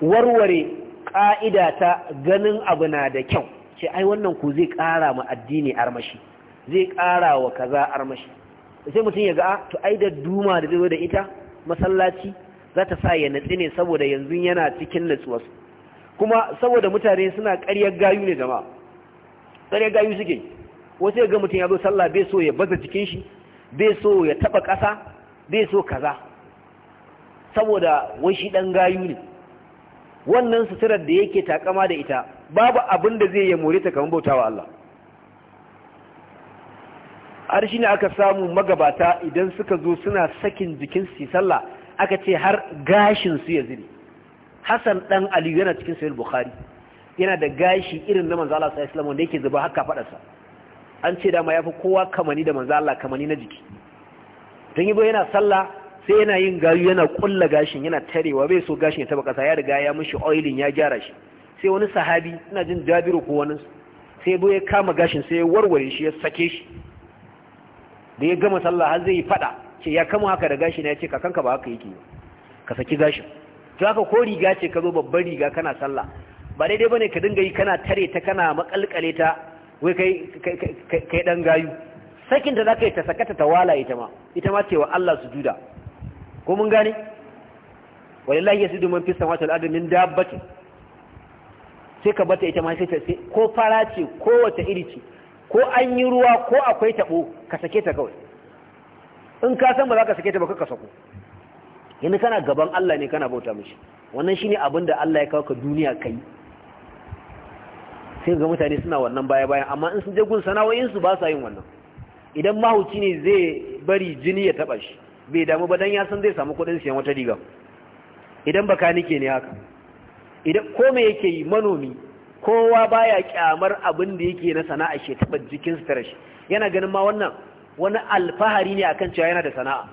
S1: warware ka'ida ta ganin abu na da kyau ce ai wannan ku zai kara ma addini armashi zai kara wa kaza armashi sai mutum ya ga ah, to ai da duma da zai da ita masallaci za ta sa ya natsi ne saboda yanzu yana cikin natsuwarsu kuma saboda mutane suna ƙaryar gayu ne jama'a ƙaryar gayu suke wasu ya ga mutum ya zo sallah bai so ya baza jikin shi bai so ya taba ƙasa bai so kaza saboda wai shi ɗan gayu ne wannan suturar da yake takama da ita babu abin da zai ya more ta kamar bautawa Allah har ne aka samu magabata idan suka zo suna sakin jikin su sallah aka ce har gashin su ya zube Hassan dan Aliyu yana cikin sahih Bukhari yana da gashi irin na manzo Allah sallallahu alaihi wasallam wanda yake zuba haka faɗarsa. an ce dama yafi kowa kamani da manzo Allah kamani na jiki dan yabo yana sallah sai yana yin gayu yana kulla gashin yana tarewa bai so gashin ya taba kasa ya riga ya mishi oiling ya gyara shi sai wani sahabi ina jin Jabiru ko wani sai bai kama gashin sai ya warware shi ya sake shi da ya gama sallah har zai yi fada ce ya kama haka da gashi na ya ce kakanka ba haka yake ka saki gashin to haka ko riga ce ka zo babban riga kana sallah ba daidai bane ka dinga yi kana tare ta kana makalkale ta wai kai kai dan gayu sakin da zaka yi ta sakata ta wala ita ma ita ma ce wa Allah sujuda ko mun gane wallahi yasudu man fi samawati wal ardi min dabbati sai ka bata ita ma sai ko fara ce ko wata iri ce ko an yi ruwa ko akwai taɓo ka sake ta kawai in ka san ba za ka sake ta ba ka sako yana kana gaban Allah ne kana bauta mishi wannan shine abin da Allah ya kawo ka duniya kai sai ga mutane suna wannan baya bayan amma in sun je gun sana'o'in su ba sa yin wannan idan mahauci ne zai bari jini ya taba shi bai damu ba dan ya san zai samu kuɗin siyan wata riga idan baka nike ne haka idan ko me yake yi manomi kowa baya kyamar abin da yake na sana'a shi taba jikin sutura shi yana ganin ma wannan wani alfahari ne akan cewa yana da sana'a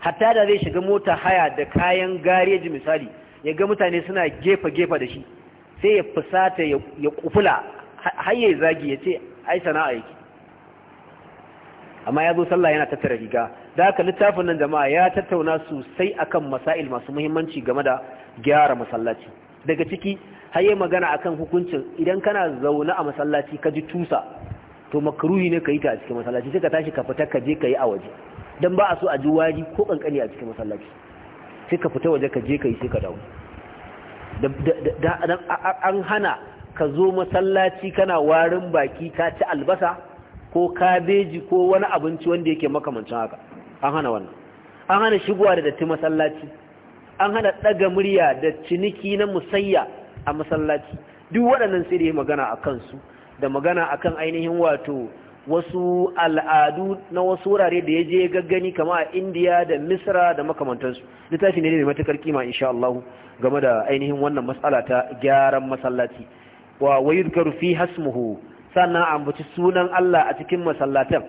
S1: hatta da zai shiga mota haya da kayan gareji misali ya ga mutane suna gefa gefa da shi sai ya fusata ya kufula har ya zagi ya ce ai sana'a yake amma ya zo sallah yana tattara riga da haka littafin nan jama'a ya tattauna sosai akan masail masu muhimmanci game da gyara masallaci daga ciki har yi magana akan hukuncin idan kana zaune a masallaci ka ji tusa to makaruhi ne ka yi ta a cikin masallaci sai ka tashi ka fita ka je ka yi a waje don ba a so a ji wari ko kankani a cikin masallaci sai ka fita waje ka je ka yi sai ka dawo an hana ka zo masallaci kana warin baki ka ci albasa ko kabeji ko wani abinci wanda yake makamancin haka an hana wannan an hana shigowa da datti masallaci an hana ɗaga murya da ciniki na musayya a masallaci duk waɗannan sai da yi magana a kansu da magana akan ainihin wato wasu al'adu na wasu wurare da ya je gaggani kama a indiya da misra da makamantansu littafi ne mai matukar kima insha Allah game da ainihin wannan matsala ta gyaran masallaci wa wayudkaru fi hasmuhu sannan ambaci sunan Allah a cikin masallatan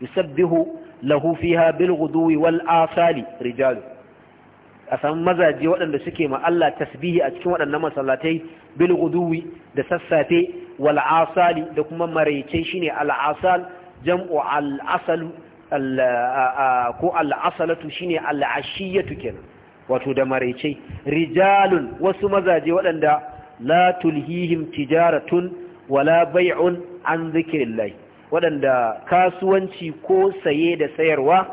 S1: yusabbihu lahu fiha bil ghuduwi wal asali rijalu a samu mazaje waɗanda suke ma Allah tasbihi a cikin waɗannan masallatai bil guduwi da sassafe wal asali da kuma maraice shine al asal jam'u al ko al asalatu shine al ashiyatu kenan wato da maraice rijalun wasu mazaje waɗanda la tulhihim tijaratun wala bai'un an zikrillah waɗanda kasuwanci ko saye da sayarwa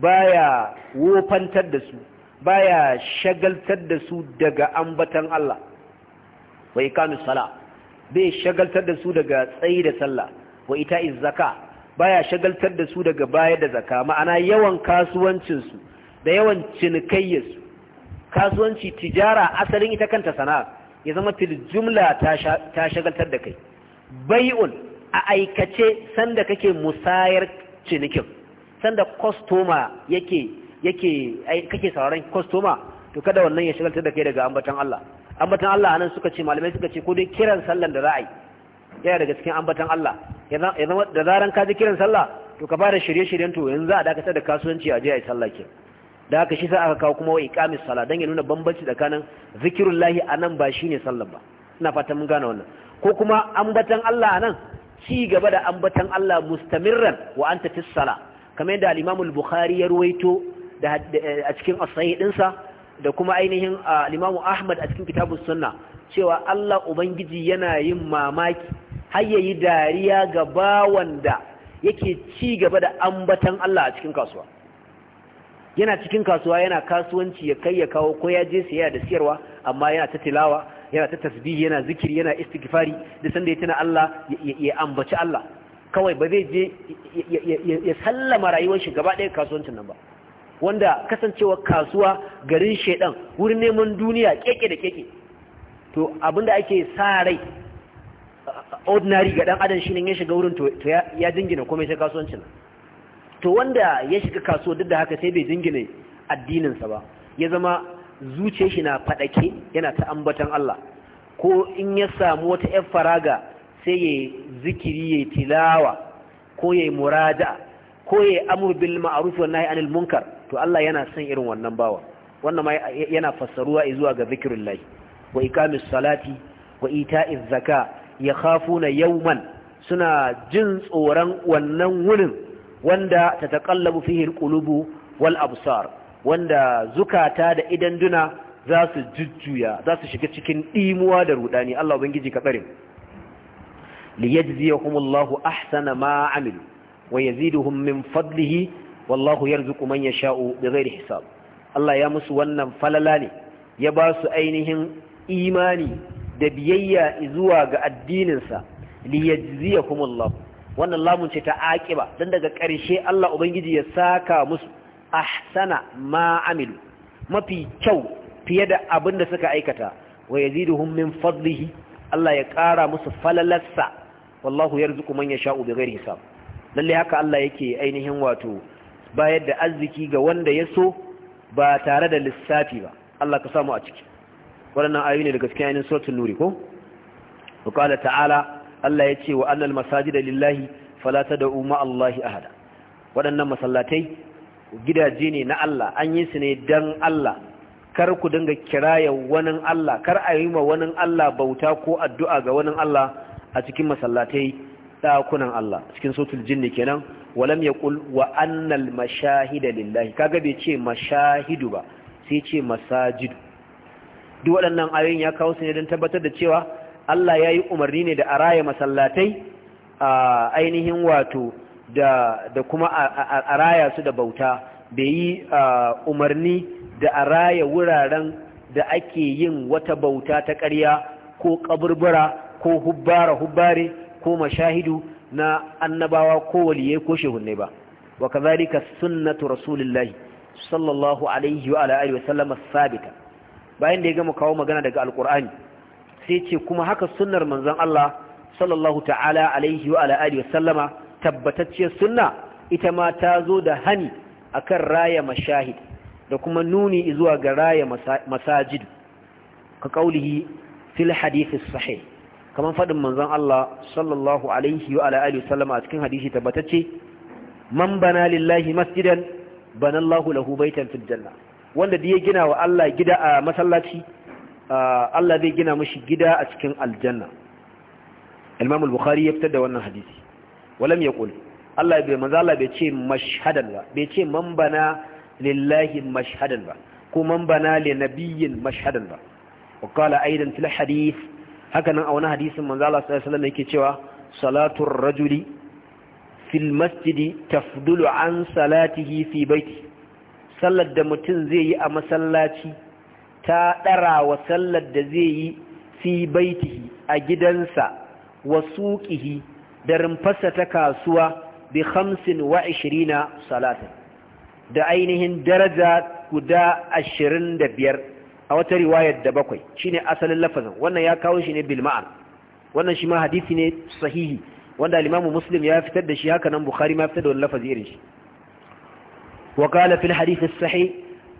S1: baya wofantar da su baya shagaltar da su daga ambatan Allah wa ikamu sala bai shagaltar da su daga tsayi da sallah wa ita'iz zaka baya shagaltar da su daga bayar da zaka ma'ana yawan kasuwancin su da yawan cinikayyar su kasuwanci tijara asalin ita kanta sana'a ya zama til jumla ta shagaltar da kai bai'un a aikace sanda kake musayar cinikin sanda kwastoma yake yake kake sauraron kwastoma to kada wannan ya shagaltar da kai daga ambatan Allah ambatan Allah anan suka ce malamai suka ce ko dai kiran sallan da ra'ayi yana daga cikin ambatan Allah yanzu da zaran ka ji kiran sallah to ka fara shirye-shiryen to yanzu za a dakatar da kasuwanci a je a yi sallah ke da haka shi sai aka kawo kuma wa iqamis sala dan ya nuna bambanci tsakanin zikirullahi anan ba shine sallan ba ina fatan mun gane wannan ko kuma ambatan Allah anan ci gaba da ambatan Allah mustamirran wa anta fis sala kamar yadda al-Imam al-Bukhari ya ruwaito a cikin asahi ɗinsa da kuma ainihin limamu ahmad a cikin kitabun sunna cewa allah ubangiji yana yin mamaki har yayi dariya ga bawan da yake ci gaba da ambatan allah a cikin kasuwa yana cikin kasuwa yana kasuwanci ya kai ya kawo ko ya je siya da siyarwa amma yana ta tilawa yana ta tasbihi yana zikiri yana istighfari da sanda ya tuna Allah ya ambaci Allah kawai ba zai je ya sallama rayuwar shi gaba ɗaya kasuwancin nan ba wanda kasancewa kasuwa garin shaidan wurin neman duniya keke da keke to abinda ake sa rai uh, ordinary ga dan adam shine ya shiga wurin to ya dingina komai sai kasuwancin to wanda ya shiga kasuwa duk da haka sai bai dingina addininsa ba ya zama zuciyar shi na fadake yana ta ambatan Allah ko in ya samu wata yar faraga sai yayi zikiri yayi tilawa ko yayi murada ko ya amur bil ma'ruf wa nahi anil munkar to Allah yana son irin wannan bawa wannan ma yana fassaruwa zuwa ga zikrullahi wa iqamis salati wa ita'iz zaka yakhafuna yawman suna jin tsoron wannan wurin wanda tataqallabu fihi alqulubu wal absar wanda zukata da idan duna za su jujjuya za su shiga cikin ɗimuwa da rudani Allah ubangiji ka tsare liyajziyahumullahu ahsana ma amilu wa yaziduhum min fadlihi wallahu yarzuqu man yasha'u bighairi hisab Allah ya musu wannan falala ne ya ba su ainihin imani da biyayya zuwa ga addininsa liyajziyakumullah wannan lamun ce ta aqiba dan daga ƙarshe Allah ubangiji ya saka musu ahsana ma amilu mafi kyau fiye da abinda da suka aikata wa yaziduhum min fadlihi Allah ya ƙara musu falalarsa wallahu yarzuqu man yasha'u bighairi hisab lalle haka Allah yake ainihin wato bayar da arziki ga wanda ya so ba tare da lissafi ba Allah ka samu a ciki waɗannan ayoyi ne daga cikin ainihin suratul nuri ko وقال ta'ala Allah ya ce wa annal masajida lillahi fala tad'u ma Allahi ahada waɗannan masallatai gidaje ne na Allah an yi su ne dan Allah kar ku dinga kiraya wani Allah kar a yi ma wani Allah bauta ko addu'a ga wani Allah a cikin masallatai dakunan Allah cikin sautul jinni kenan walam yaqul wa annal mashahida lillahi kaga bai ce mashahidu ba sai ce masajid duk waɗannan ayoyin ya kawo su ne don tabbatar da cewa Allah ya yi umarni ne da a masallatai a ainihin wato da kuma a raya su da bauta bai yi umarni da a raya wuraren da ake yin wata bauta ta ƙarya ko ƙaburbura ko hubbara hubbare ko mashahidu na annabawa ko waliyai ko shehunne ba wa kazalika sunnatu rasulillahi sallallahu alaihi wa alihi wa sallam sabita bayan da ya gama kawo magana daga alqur'ani sai ce kuma haka sunnar manzon Allah sallallahu ta'ala alaihi wa alihi wa sallama tabbatacciyar sunna ita ma ta zo da hani akan raya mashahid da kuma nuni zuwa ga raya masajid ka kaulihi fil hadith sahih kamar faɗin manzon Allah sallallahu alaihi wa alihi sallama a cikin hadisi tabbatacce man bana lillahi masjidan bana Allahu lahu baitan fil janna wanda da ya gina wa Allah gida a masallaci Allah zai gina mishi gida a cikin aljanna Imam al-Bukhari ya fitar da wannan hadisi walam yaqul Allah bai manzo Allah bai ce mashhadan ba bai ce man bana lillahi mashhadan ba ko man bana li nabiyyin mashhadan ba وقال أيضا في الحديث haka nan a wani hadisin manzo Allah sallallahu yake cewa salatul rajuli fil masjidi tafdulu an salatihi fi baiti sallar da mutum zai yi a masallaci ta dara wa sallar da zai yi fi baitihi a gidansa wa suqihi da rumfarsa ta kasuwa bi 25 salatin da ainihin daraja guda 25 a wata riwayar da bakwai shine asalin lafazin wannan ya kawo shi ne bil wannan shi ma hadisi ne sahihi wanda al Muslim ya fitar da shi haka nan Bukhari ma fitar da wannan lafazi irin shi wa qala fil hadith as-sahih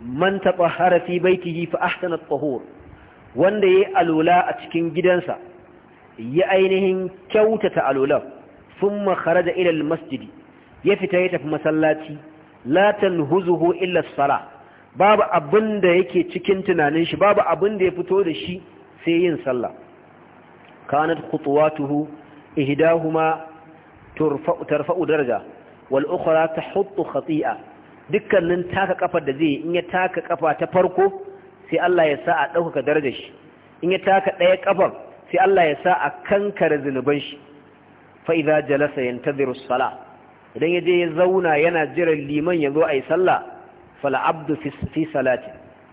S1: man tatahhara fi baytihi fa ahsana at-tahur wanda yayi alula a cikin gidansa ya ainihin kyautata alula thumma kharaja ila al-masjid ya fita ya tafi masallaci la tanhuzuhu illa as-salah babu abin da yake cikin tunanin shi babu abin da ya fito da shi sai yin sallah kanat khutuwatuhu ihdahuma tarfa'u daraja wal ukhra tahuttu khati'a dukkanin taka kafar da zai in ya taka kafa ta farko sai Allah ya sa a dauka darajar shi in ya taka daya kafar sai Allah ya sa a kankare zinuban shi fa idza jalasa yantadhiru as-salah idan ya zauna yana jiran liman yazo ayi sallah fal'abdu fi salati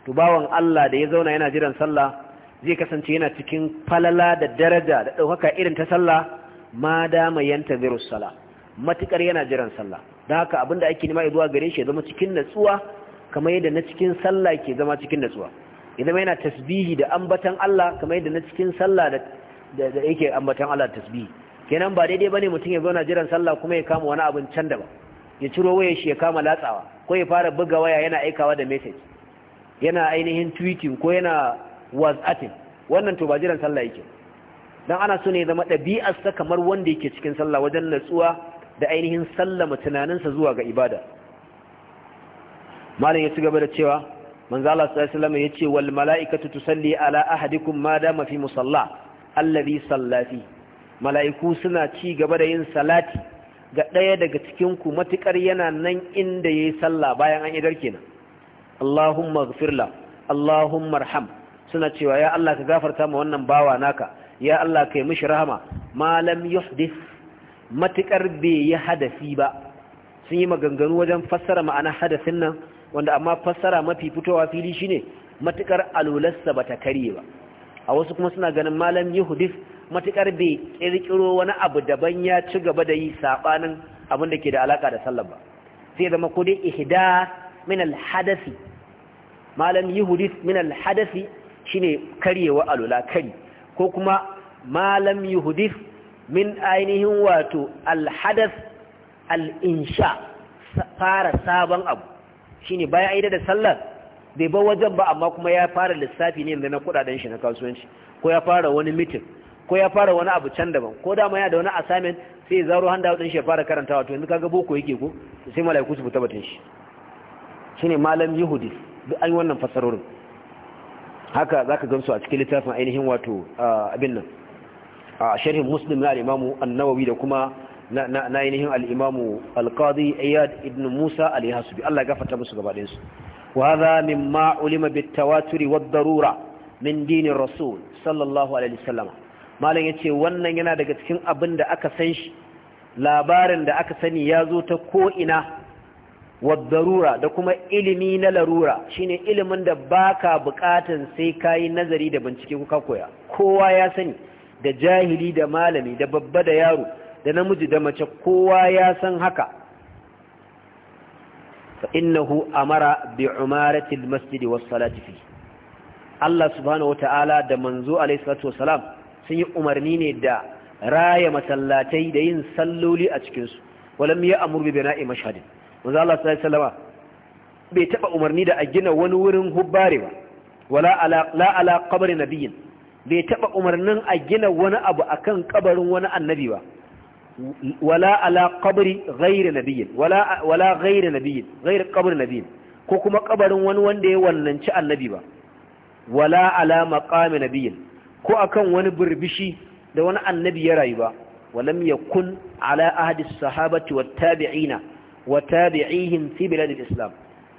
S1: to bawon Allah da ya zauna yana jiran sallah zai kasance yana cikin falala da daraja da ɗaukaka irin ta sallah ma dama yanta virus sallah, matukar yana jiran sallah don haka abinda ake nema zuwa gare shi ya zama cikin natsuwa kamar yadda na cikin sallah ke zama cikin natsuwa idan yana tasbihi da ambatan Allah kamar yadda na cikin sallah da yake ambatan Allah tasbihi kenan ba daidai bane mutum ya zauna jiran sallah kuma ya kama wani abin can da ba ya ciro waye shi ya kama latsawa ko ya fara buga waya yana aikawa da message yana ainihin tweeting ko yana whatsapp wannan to ba jiran sallah yake dan ana so ne zama ɗabi'ar sa kamar wanda yake cikin sallah wajen natsuwa da ainihin sallama tunaninsa zuwa ga ibada malam ya ci gaba da cewa manzo Allah sallallahu alaihi wasallam yace wal mala'ikatu tusalli ala ahadikum ma dama fi musalla alladhi sallati mala'iku suna ci gaba da yin salati ga ɗaya daga cikinku matuƙar yana nan inda ya yi sallah bayan an idar kenan Allahumma gfirla Allahumma arham suna cewa ya Allah ka gafarta ma wannan bawa naka ya Allah ka yi mishi rahama malam yuhdith matuƙar bai yi hadafi ba sun yi maganganu wajen fassara ma'ana hadasin nan wanda amma fassara mafi fitowa fili shine matuƙar alularsa ba ta karye ba a wasu kuma suna ganin malam yuhdith matukar bai ƙirƙiro wani abu daban ya ci gaba da yi saɓanin abin da ke da alaƙa da sallar ba sai zama ku dai ihda min alhadasi malam yuhdis min alhadasi shine karyewa alula kari ko kuma malam yuhdis min ainihin wato alhadas al'insha fara sabon abu shine bayan aida da sallar bai ba wajen ba amma kuma ya fara lissafi ne da na kudaden shi na kasuwanci ko ya fara wani mitin ko ya fara wani abu can daban ko dama yana da wani assignment sai ya zaro handa din shi ya fara karantawa to yanzu kaga boko yake ko sai malaiku su fita batun shi shine malam yahudi duk an yi wannan fasarorin haka zaka gamsu a cikin littafin ainihin wato abin nan a sharhin muslim na al an-nawawi da kuma na ainihin al-imamu al-qadi ibn musa al-yahsubi Allah ya gafarta musu gaba ɗayan su wa hadha mimma ulima bit-tawatur wad-darura min dinir rasul sallallahu alaihi wasallam malam ce wannan yana daga cikin abin da aka san shi labarin da aka sani ya zo ta ko ina wadarura da kuma ilimi na larura shine ilimin da baka bukatan sai kayi nazari da bincike kuka koya kowa ya sani da jahili da malami da babba da yaro da namiji da mace kowa ya san haka fa innahu amara bi umarati masjidi was salati fi Allah subhanahu wataala da manzo alayhi salatu wasalam sun yi umarni ne da raya masallatai da yin salloli a cikinsu walam ya amur bi bina'i mashhadin manzo Allah sallallahu alaihi wasallama bai taba umarni da a gina wani wurin hubbare ba wala ala la ala qabri nabiyyin bai taba umarnin a gina wani abu akan kabarin wani annabi ba wala ala qabri ghairi nabiyyin wala wala ghairi nabiyyin ghairi qabri nabiyyin ko kuma kabarin wani wanda ya wannanci annabi ba wala ala maqami nabiyyin ko akan wani burbishi da wani annabi ya rayu ba walam yakun ala ahadi sahabati wat tabi'ina wa fi biladil islam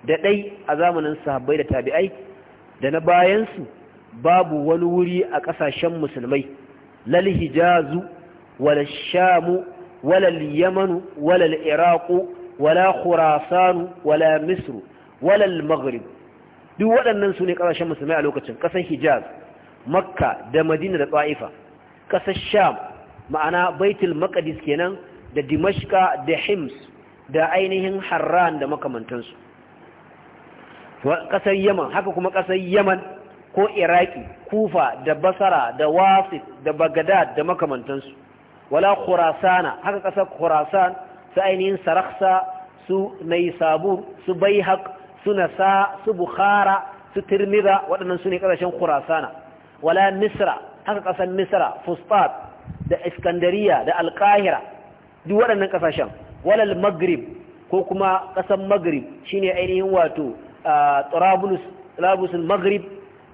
S1: da dai a zamanin sahabbai da tabi'ai da na bayan su babu wani wuri a kasashen musulmai lal hijazu wal shamu wala al-yaman wala al-iraq wala khurasan wala misr wala al-maghrib duk waɗannan su ne ƙasashen musulmai a lokacin ƙasar hijaz makka da madina da tsa'ifa ƙasar sham ma'ana baitul maqdis kenan da dimashka da hims da ainihin harran da makamantansu ƙasar yaman haka kuma ƙasar yaman ko iraki kufa da basara da wasif da bagadad da makamantansu wala khurasana haka ƙasar khurasan su ainihin saraksa su naisabur su baihaq su nasa su bukhara su tirmidha waɗannan su ne ƙasashen khurasana wala misra haka ƙasar misra fustat da iskandariya da Alkahira, duk waɗannan ƙasashen walal magrib ko kuma ƙasar magrib shine ainihin wato turabusul magrib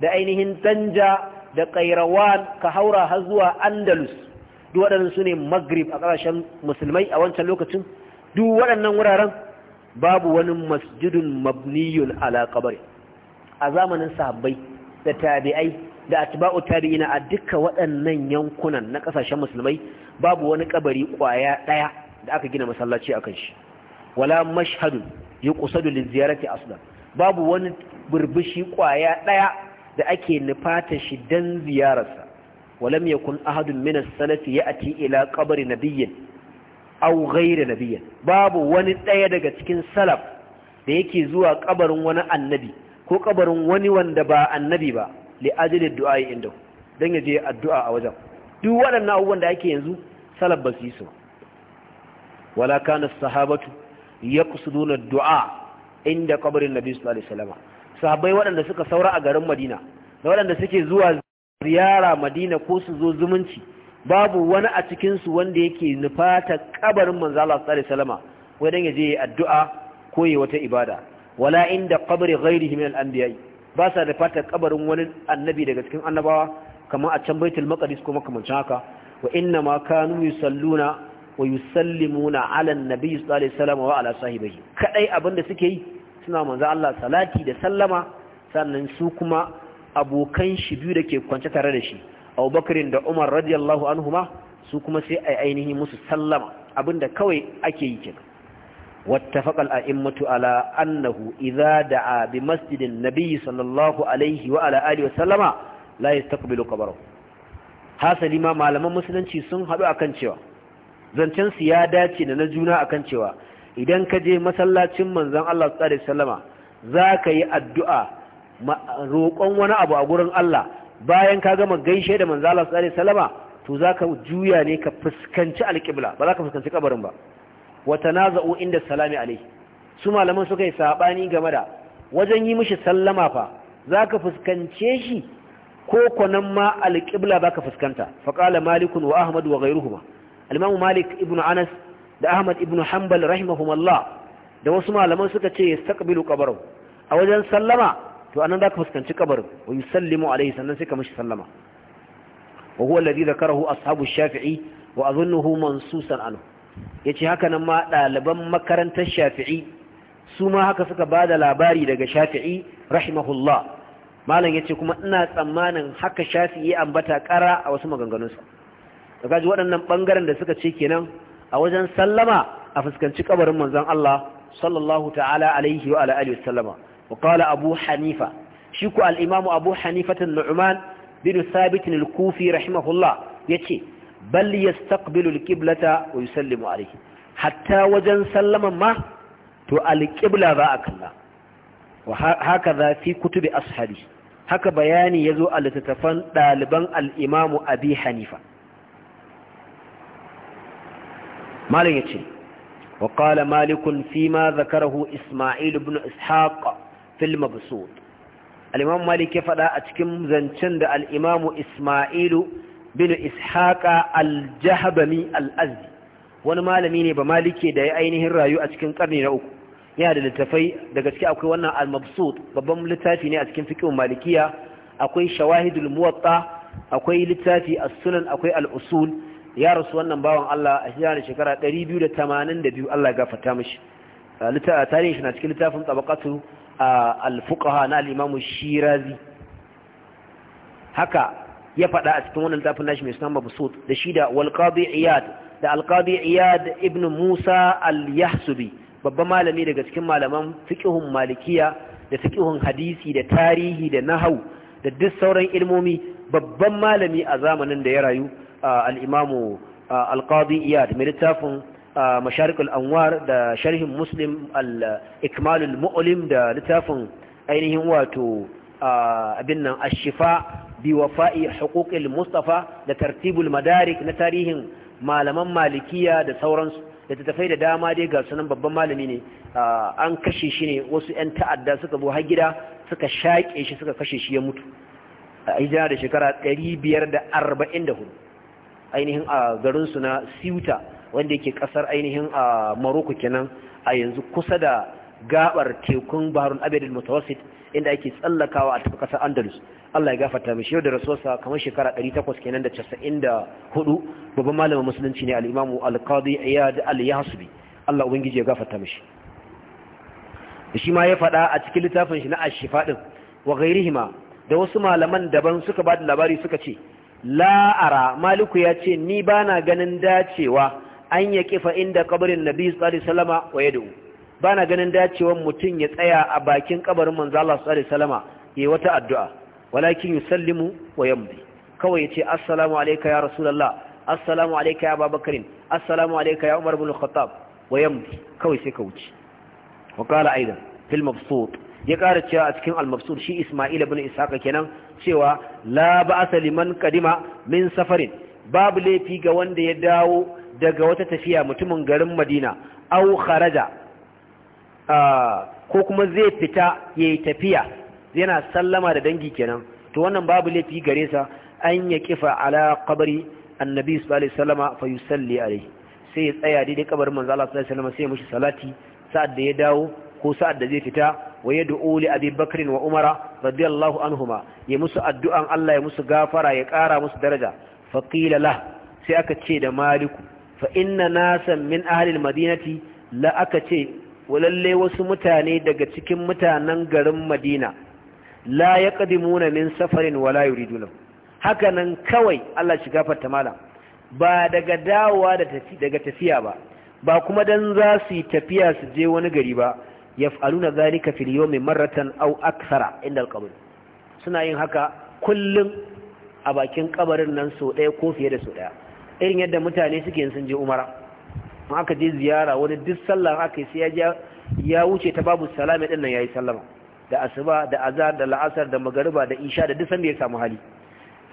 S1: da ainihin tanja da Kairawan, ka haura har zuwa andalus duk waɗannan su ne a ƙasashen musulmai a wancan lokacin duk waɗannan wuraren babu wani masjidun mabniyun ala kabari a zamanin sahabbai da tabi'ai da atba'u tabi'ina a duka waɗannan yankunan na ƙasashen musulmai babu wani kabari ƙwaya ɗaya da aka gina masallaci akan shi wala mashhadun yuqsadu liziyarati aslan babu wani burbushi ƙwaya ɗaya da ake nufata shi dan ziyararsa walam kun ahadun min as-salafi ya'ti ila qabri nabiyyin aw ghayri nabiyyin babu wani ɗaya daga cikin salaf da yake zuwa kabarin wani annabi ko ƙabarin wani wanda ba annabi ba li'ajili du'a inda don ya addu'a a wajen duk waɗannan abubuwan da ake yanzu salab basu su yi su wala kana sahabatu ya kusuduna du'a inda kwabarin nabi sallallahu alaihi wasallam sahabbai waɗanda suka saura a garin madina da waɗanda suke zuwa ziyara madina ko su zo zumunci babu wani a cikinsu wanda yake nufata kabarin manzo Allah sallallahu alaihi wasallam wai dan ya je addu'a ko yi wata ibada wala inda kwabarin ghairihi min al-anbiya'i ba sa da fatar kabarin wani annabi daga cikin annabawa kamar a can baitul maqdis ko makamancin haka wa inna ma kanu yusalluna wa yusallimuna ala annabi sallallahu alaihi wasallam wa ala sahibihi kadai abinda suke yi suna manzo Allah salati da sallama sannan su kuma abokan shi biyu da ke kwance tare da shi Abubakar da Umar radiyallahu anhuma su kuma sai ai ainihin musu sallama abinda kawai ake yi kenan واتفق الأئمة على أنه إذا دعا بمسجد النبي صلى الله عليه وعلى آله وسلم لا يستقبل قبره هذا لما معلم مسلم سن هذا أكن شوى zancen su ya dace da na juna akan cewa idan ka je masallacin manzon Allah sallallahu alaihi wasallama zaka yi addu'a roƙon wani abu a gurin Allah bayan ka gama gaishe da manzon Allah sallallahu alaihi wasallama to zaka juya ne ka fuskanci alƙibla ba za ka fuskanci kabarin ba na tanaza'u inda salami alaihi su malaman suka yi saɓani game da wajen yi mishi sallama fa zaka fuskance shi ko kwanan ma alqibla ka fuskanta fa qala wa Ahmadu wa ghayruhuma al-imam malik ibn anas da ahmad ibn hanbal rahimahumullah da wasu malaman suka ce yastaqbilu qabrahu a wajen sallama to anan ka fuskanci kabarin wa yusallimu alaihi sannan sai ka mishi sallama wa huwa rahu dhakarahu ashabu shafii wa adhunnuhu mansusan anhu ya ce haka nan ma ɗaliban makarantar shafi'i su ma haka suka ba da labari daga shafi'i rahimahullah malam ya ce kuma ina tsammanin haka shafi'i ambata ƙara a wasu maganganunsa da kaji waɗannan ɓangaren da suka ce kenan a wajen sallama a fuskanci kabarin manzon Allah sallallahu ta'ala alaihi wa ala sallama wa abu hanifa shi ku al-imamu abu Hanifatan an-nu'man bin thabit al-kufi rahimahullah yace bal yastaqbilu alqiblata wa yusallimu alayhi hatta wajen sallaman ma to alqibla za a kalla wa hakaza fi kutubi ashabi haka bayani yazo a littattafan daliban al-imamu abi hanifa malam yace wa qala malikun fima zakarahu isma'il ibn ishaq fil mabsut al-imam malik ya fada a cikin zancen da al-imamu isma'ilu bin ishaqa al-jahbami al-azdi wani malami ne ba malike da ya ainihin rayu a cikin ƙarni na uku yana da littafai da gaske akwai wannan al-mabsut babban littafi ne a cikin fikin malikiya akwai shawahidul muwatta akwai littafi as-sunan akwai al-usul ya rasu wannan bawan Allah a shekara shekara 282 Allah gafarta mishi tarihin shi na cikin littafin tabaqatu al-fuqaha na al-imam shirazi haka ya faɗa a cikin wannan tafin nashi mai sunan mabsut da shi da walqadi iyad da alqadi iyad ibn musa al-yahsubi babban malami daga cikin malaman fiqhun malikiya da fiqhun hadisi da tarihi da nahau da duk sauran ilmomi babban malami a zamanin da ya rayu al-imamu alqadi iyad mai littafin masharik al-anwar da sharhin muslim al-ikmal al-mu'lim da littafin ainihin wato abin nan ashifa. bi wafa'i huquqil mustafa da tartibul madarik na tarihin malaman malikiya da sauransu da tattafai da dama dai ga sunan babban malami ne an kashe shi ne wasu 'yan ta'adda suka zo har gida suka shaƙe shi suka kashe shi ya mutu a hijira da shekara 544 ainihin a garinsu na siuta wanda yake kasar ainihin a maroko kenan a yanzu kusa da gabar tekun barun abedin mutawassit inda ake tsallakawa a tafi kasar andalus Allah ya gafarta mishi yau da rasuwarsa kamar shekara 800 kenan da 94 babban malamin musulunci ne al-imamu al-qadi iyad al-yahsubi Allah ubangiji ya gafarta mishi shi ma ya faɗa a cikin littafin shi na ashifa din wa ghairihima da wasu malaman daban suka bada labari suka ce la'ara maliku ya ce ni bana ganin dacewa an ya kifa inda kabarin nabi sallallahu alaihi wasallama wa ba na ganin dacewar mutum ya tsaya a bakin kabarin manzo Allah sallallahu alaihi wasallama yayi wata addu'a walakin yusallimu wa yamdi kawai yace assalamu alayka ya rasulullah assalamu alayka ya babakarin assalamu alayka ya umar ibn khattab wa yamdi kawai sai ka wuce wa qala aidan fil mabsut ya ƙara cewa a cikin al-mabsut shi isma'il ibn ishaqa kenan cewa la ba'asa liman qadima min safarin babu laifi ga wanda ya dawo daga wata tafiya mutumin garin madina aw kharaja ko kuma zai fita ya yi tafiya yana sallama da dangi kenan to wannan babu laifi gare sa an ya kifa ala kabari annabi sallallahu alaihi fa yusalli sai ya tsaya daidai kabarin manzo Allah sallallahu alaihi sai ya mushi salati sa'ad da ya dawo ko sa'ad da zai fita wa yad'u li Abi bakirin wa Umar radiyallahu anhuma ya musu addu'an Allah ya musu gafara ya kara musu daraja fa qila lah sai aka ce da Maliku fa inna nasan min ahli madinati la aka ce walalle wasu mutane daga cikin mutanen garin madina la ya ƙadimuna min safarin wala yuriduna haka nan kawai Allah shi gafarta malam ba daga dawowa daga tafiya ba ba kuma dan za su yi tafiya su je wani gari ba yaf'aluna zalika fil yawmi marratan aw akthara inda al suna yin haka kullum a bakin kabarin nan sau ɗaya ko fiye da sau ɗaya irin yadda mutane suke sun je umara Ma aka je ziyara wani duk sallah aka yi sai ya ya wuce ta babu salama din nan yayi sallama da asuba da azhar da la'asar da magariba da isha da duk sanda ya samu hali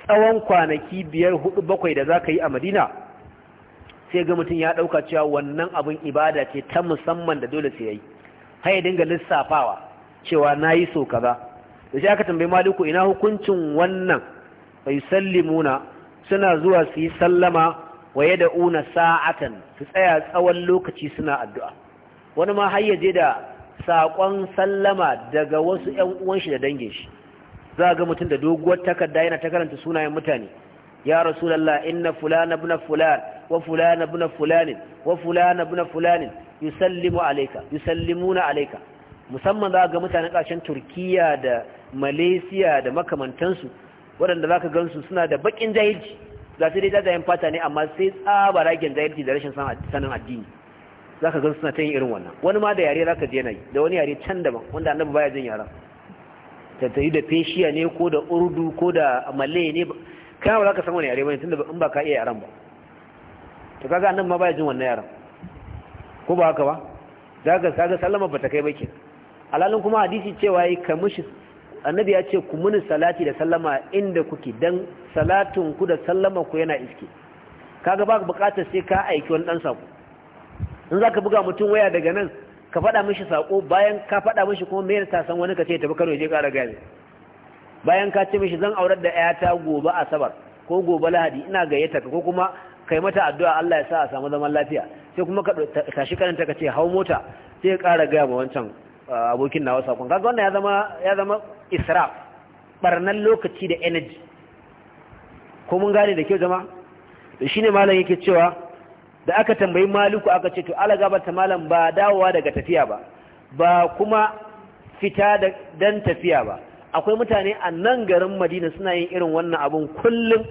S1: tsawon kwanaki biyar hudu bakwai da zaka yi a Madina sai ga mutum ya dauka cewa wannan abin ibada ce ta musamman da dole sai yayi har ya dinga lissafawa cewa nayi so kaza da sai aka tambayi maliku ina hukuncin wannan bai sallimuna suna zuwa su yi sallama da una sa'atan su tsaya tsawon lokaci suna addu'a wani ma har yaje da saƙon sallama daga wasu ƴan uwan shi da dangin shi za ga mutum da doguwar takarda yana ta karanta sunayen mutane ya rasulullah inna fulana ibn fulan wa fulana ibn fulan wa fulana ibn fulan yusallimu alayka yusallimuna alayka musamman za ga mutane ƙasashen Turkiya da Malaysia da makamantansu waɗanda za ka gansu suna da baƙin jahilci za su dai jajayen fata ne amma sai tsabara gin jahilci da rashin sanin addini za ka gansu suna ta yin irin wannan wani ma da yare za ka je na yi da wani yare can daban wanda annabu baya jin yara tattari da feshiya ne ko da urdu ko da malle ne kai ba za ka san wani yare bane tunda in ba ka iya yaran ba to kaga annabu ma baya jin wannan yaran ko ba haka ba za ka kaga sallama ba ta kai ba ke alalin kuma hadisi cewa yi ka annabi ya ce ku muni salati da sallama inda kuke dan salatin ku da sallama ku yana iske kaga ba bukatar sai ka aiki wani dan sako in zaka buga mutum waya daga nan ka faɗa mishi sako bayan ka faɗa mishi kuma me ta san wani kace ce tafi Kano je ƙara gani bayan ka ce mishi zan aurar da ta gobe asabar ko gobe lahadi ina gayyata ko kuma kai mata addu'a Allah ya sa a samu zaman lafiya sai kuma ka tashi karanta ka ce hau mota sai ya ƙara gaya ma wancan Eh, abokin nawa sakon kaga wannan ya zama ya zama israf barnan lokaci da energy ko mun gane da kyau jama'a to shine malam yake cewa da aka tambayi maliku aka ce to ala gabata malam ba dawowa daga tafiya ba ba kuma fita da dan tafiya ba akwai mutane a nan garin Madina suna yin irin wannan abun kullum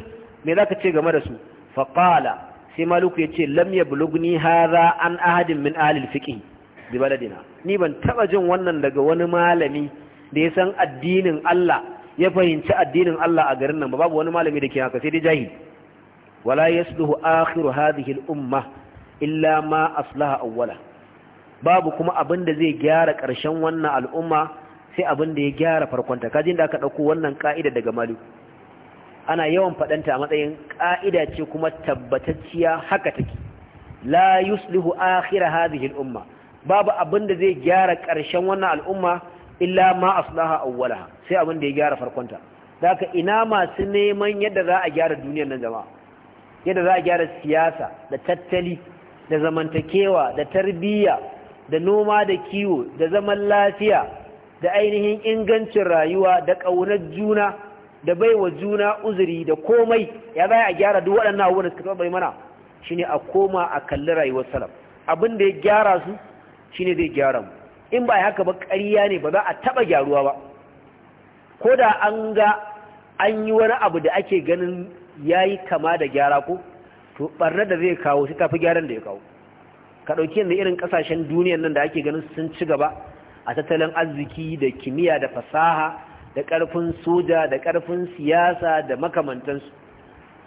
S1: me zaka ce game da su faqala sai maliku yace lam yablugni hadha an ahadin min ahli al bi baladina ni ban taba jin wannan daga wani malami da ya san addinin Allah ya fahimci addinin Allah a garin nan ba babu wani malami da ke haka sai dai jahi wala yasluhu akhiru hadhihi al-umma illa ma aslaha awwala babu kuma abin da zai gyara karshen wannan al'umma sai abin da ya gyara farkon ta jin da aka ɗauko wannan ka'ida daga maliku ana yawan faɗanta a matsayin ka'ida ce kuma tabbatacciya haka take la yuslihu akhira hadhihi al-umma babu abin da zai gyara ƙarshen wannan al'umma illa ma aslaha awwalaha sai abin da ya gyara farkonta da ina masu neman yadda za a gyara duniyar nan jama'a yadda za a gyara siyasa da tattali da zamantakewa da tarbiyya da noma da kiwo da zaman lafiya da ainihin ingancin rayuwa da ƙaunar juna da baiwa juna uzuri da komai ya za a gyara duk waɗannan abubuwan da suka taɓa mana shine a koma a kalli rayuwar salaf abin da ya gyara su shine zai gyara mu in ba haka ba ƙarya ne ba za a taɓa gyaruwa ba ko da an ga an yi wani abu da ake ganin ya yi kama da gyara ko to ɓarnar da zai kawo shi tafi gyaran da ya kawo ka ɗauki yadda irin ƙasashen duniyan nan da ake ganin sun ci gaba a tattalin arziki da kimiyya da fasaha da ƙarfin soja da ƙarfin siyasa da makamantansu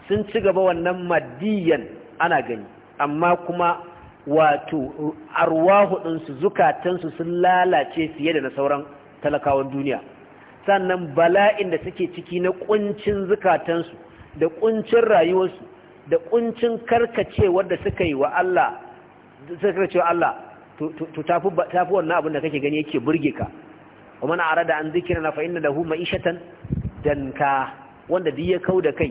S1: sun ci gaba wannan madiyan ana gani amma kuma wato arwahu ɗinsu zukatansu sun lalace fiye da na sauran talakawan duniya sannan bala'in da suke ciki na ƙuncin zukatansu da ƙuncin rayuwarsu da ƙuncin karkacewar da suka yi wa Allah suka wa Allah to tafi wannan abin da kake gani yake burge ka wa ara arada an da fa inna lahu ma'ishatan ka wanda duk ya kau da kai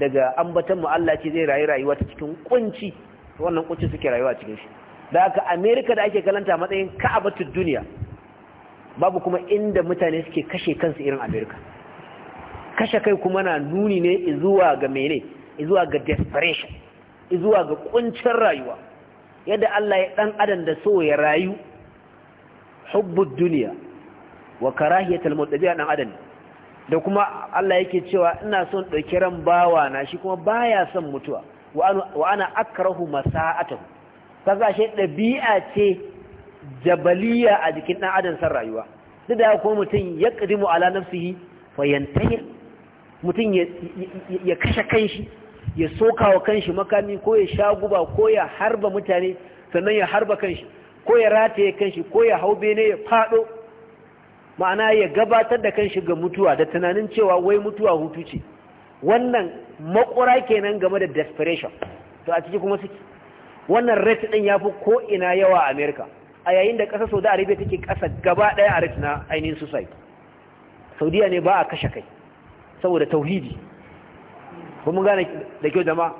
S1: daga ambaton mu Allah ce zai rayu rayuwa ta cikin ƙunci. wannan kunci suke rayuwa cikin shi da aka Amerika da ake kalanta matsayin ka'abatul duniya babu kuma inda mutane suke kashe kansu irin Amerika. kashe kai kuma na nuni ne zuwa ga mene zuwa ga desperation zuwa ga kuncin rayuwa yadda Allah ya dan adam da so ya rayu hubbud duniya wa karahiyatul maut dabi'a dan adam da kuma Allah yake cewa ina son dauki ran bawa na shi kuma baya son mutuwa wa ana akrahu masa'atahu kaga she dabi'a ce jabaliya a jikin dan adam san rayuwa duk da ko mutum ya qadimu ala nafsihi fa yantahi mutun ya kashe kanshi ya soka wa kanshi makami ko ya sha guba ko ya harba mutane sannan ya harba kanshi ko ya rataye kanshi ko ya hau bene ya fado ma'ana ya gabatar da kanshi ga mutuwa da tunanin cewa wai mutuwa hutu ce wannan makura kenan game da desperation to a ciki kuma suke wannan rate din yafi ko ina yawa a America a yayin da ƙasar Saudi Arabia take ƙasa gaba daya a rate na ainihin suicide Saudiya ne ba a kashe kai saboda tauhidi kuma gane da kyau jama'a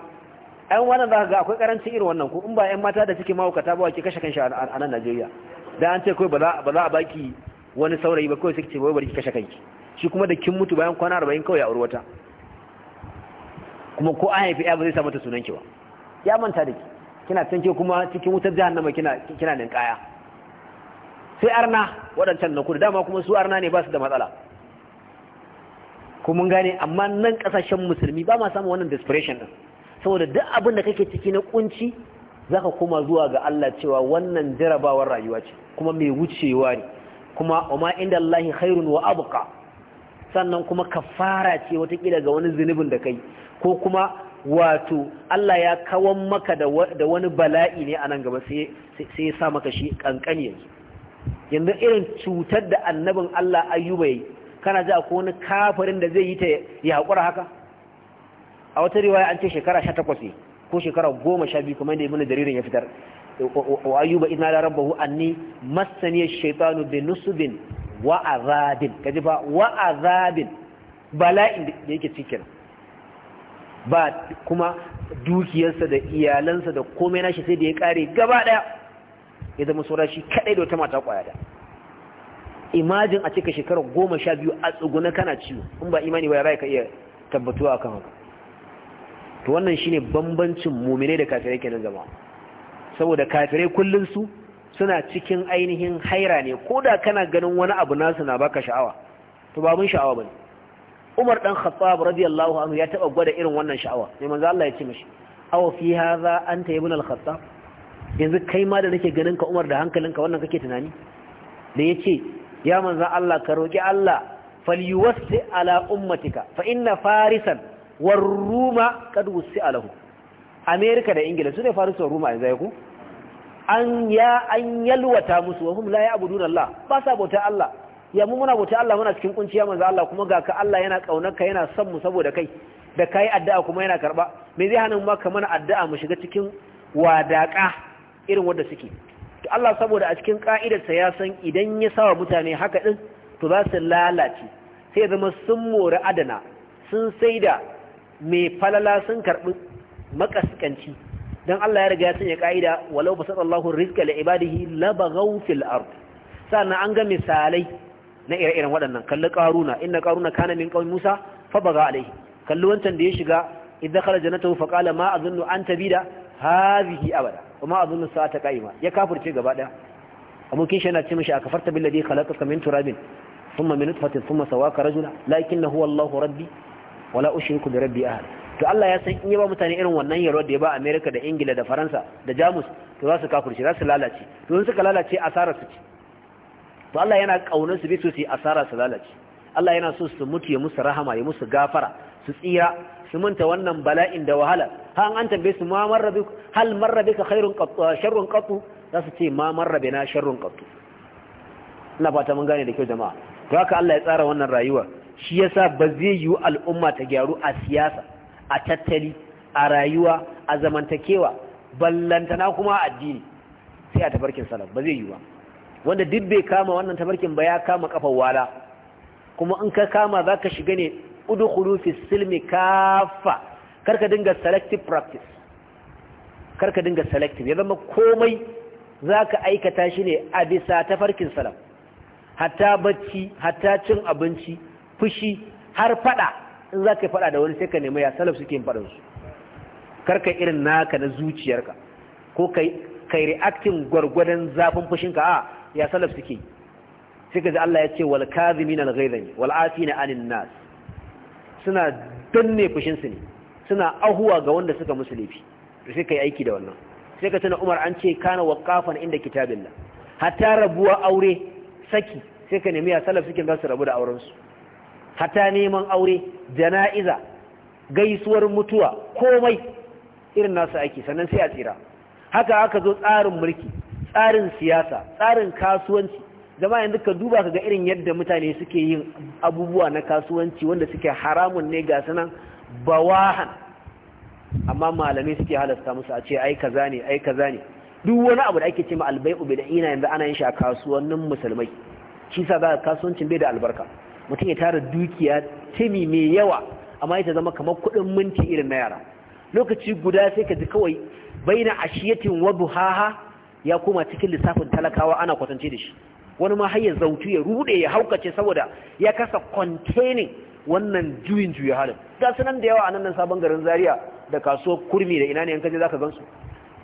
S1: ayan wannan zaka ga akwai karancin irin wannan ko in ba 'yan mata da suke mawukata ba wake kashe kanshi a nan Najeriya dan an ce kai ba za ba za a baki wani saurayi ba kawai sai ce wai bari ki kashe kanki shi kuma da kin mutu bayan kwana 40 kawai a urwata kuma ko an haifi ya ba zai samu ta sunan ki ya manta da ki kina ke kuma cikin wutar jahannama kina kina ninkaya sai arna waɗancan na kudu dama kuma su arna ne ba su da matsala kuma gane amma nan kasashen musulmi ba ma samun wannan desperation din saboda duk abin da kake ciki na kunci zaka koma zuwa ga Allah cewa wannan jarabawar rayuwa ce kuma mai wucewa ne kuma amma inda Allah khairun wa abqa sannan kuma kafara ce watakila ga wani zunubin da kai ko kuma wato Allah ya kawan maka da wani bala'i ne a nan gaba sai ya sa maka shi kankan yanzu yanzu irin cutar da annabin Allah ayyuba yi kana ji akwai wani kafirin da zai yi ta ya haƙura haka a wata riwaya an ce shekara sha takwas ne ko shekara goma sha biyu kuma yadda mana jaririn ya fitar wa ayyuba ina da rabbahu anni ni shaitanu shaytanu bi Nusubin? wa azabin kaji fa wa azabin bala'in da yake cikin ba kuma dukiyarsa da iyalansa da komai nashi sai da ya kare gaba ɗaya ya zama saura shi kadai da wata mata kwaya da imajin a cika shekarar goma sha biyu a tsuguna kana ciwo in ba imani ba ya ka iya tabbatuwa akan haka to wannan shine bambancin mumine da kafirai kenan zama saboda kafirai kullun su suna cikin ainihin haira ne ko da kana ganin wani abu nasu na baka sha'awa to ba mun sha'awa bane Umar dan Khattab radiyallahu anhu ya taba gwada irin wannan sha'awa ne manzo Allah ya ce mishi aw fi hadha anta ibn al-Khattab yanzu kai ma da nake ganin ka Umar da hankalinka wannan kake tunani da yace ya manzo Allah ka roki Allah falyuwassi ala ummatika fa inna farisan war ruma kad wussi alahu America da Ingila su ne farisan ruma yanzu ku an ya an yalwata musu wa hum la ya'buduna Allah ba sa bauta Allah ya mu muna bauta Allah muna cikin kunciya manzo Allah kuma ga ka Allah yana kaunar ka yana son mu saboda kai da kai addu'a kuma yana karba me zai hana mu ka mana addu'a mu shiga cikin wadaka irin wanda suke to Allah saboda a cikin sa ya san idan ya sawa mutane haka din to za su lalace sai zama sun mori adana sun saida mai falala sun karbi makaskanci dan Allah ya riga ya sanya ƙa'ida walau basallahu rizqa li ibadihi labaghaw fil ard sannan an ga misalai na ire-iren waɗannan kalli ƙaruna, inna ƙaruna kana min qaumi musa fa baga alaihi kalli wancan da ya shiga idan kala janata fa qala ma azunnu an da hadhihi abada kuma azunnu sa'ata qaima ya kafirce gaba daya abokin shi yana ce mishi akafarta billadhi khalaqaka min turabin thumma min nutfatin thumma sawaka rajula lakinna huwa Allahu rabbi wala ushriku bi rabbi ahad to Allah ya san in ya ba mutane irin wannan yaro da ya ba America da Ingila da Faransa da Jamus to za su kafurce, za su lalace to in suka lalace asara su ci to Allah yana kaunar su bi so su asara su lalace Allah yana so su mutu ya musu rahama ya musu gafara su tsira su manta wannan bala'in da wahala ha an tambaye su ma marrabi hal marrabi ka khairun qattu ah, sharrun qattu za su ce ma na sharrun qattu ina fata mun gane da kyau jama'a to haka Allah ya tsara wannan rayuwa shi yasa ba zai yi al'umma ta gyaru a siyasa a tattali a rayuwa a zamantakewa ballantana kuma a addini sai a tabarkin salaf ba zai yi ba wanda duk bai kama wannan tabarkin ba ya kama kafar wala kuma in ka kama za ka shiga ne udkhulu fi silmi kafa karka dinga selective practice karka dinga selective ya zama komai zaka aikata shi ne a bisa tafarkin salaf hatta bacci hatta cin abinci fushi har fada in za ka yi faɗa da wani sai ka nemi ya salaf suke yin su karka irin naka na zuciyarka ko kai reactin gwargwadon zafin fushinka a ya salaf suke sai ka ji Allah ya ce wal kazimin al ghaizan wal afina anin nas suna danne fushin su ne suna ahuwa ga wanda suka musu laifi to sai kai aiki da wannan sai ka tuna Umar an ce kana waqafan inda kitabillah hatta rabuwa aure saki sai ka nemi ya salaf suke za su rabu da auren su hata neman aure jana'iza gaisuwar mutuwa komai irin nasu aiki sannan sai a tsira haka aka zo tsarin mulki tsarin siyasa tsarin kasuwanci zama yanzu ka duba ka ga irin yadda mutane suke yin abubuwa na kasuwanci wanda suke haramun ne ga sanan bawahan amma malamai suke halasta musu a ce ai kaza ne ai kaza ne duk wani abu da ake ce ma albai'u bid'ina yanzu ana yin shi a kasuwannin musulmai shi sa za ka kasuwancin bai da albarka mutum ya tara dukiya timi mai yawa amma ita zama kamar kuɗin minti irin na yara lokaci guda sai ka ji kawai baina ashiyatin wadu haha ya koma cikin lissafin talakawa ana kwatance da shi wani ma har zautu ya rude ya haukace saboda ya kasa kwantenin wannan juyin juya halin ga sunan da yawa a nan sabon garin zaria da kasuwar kurmi da ina ne yankan je zaka su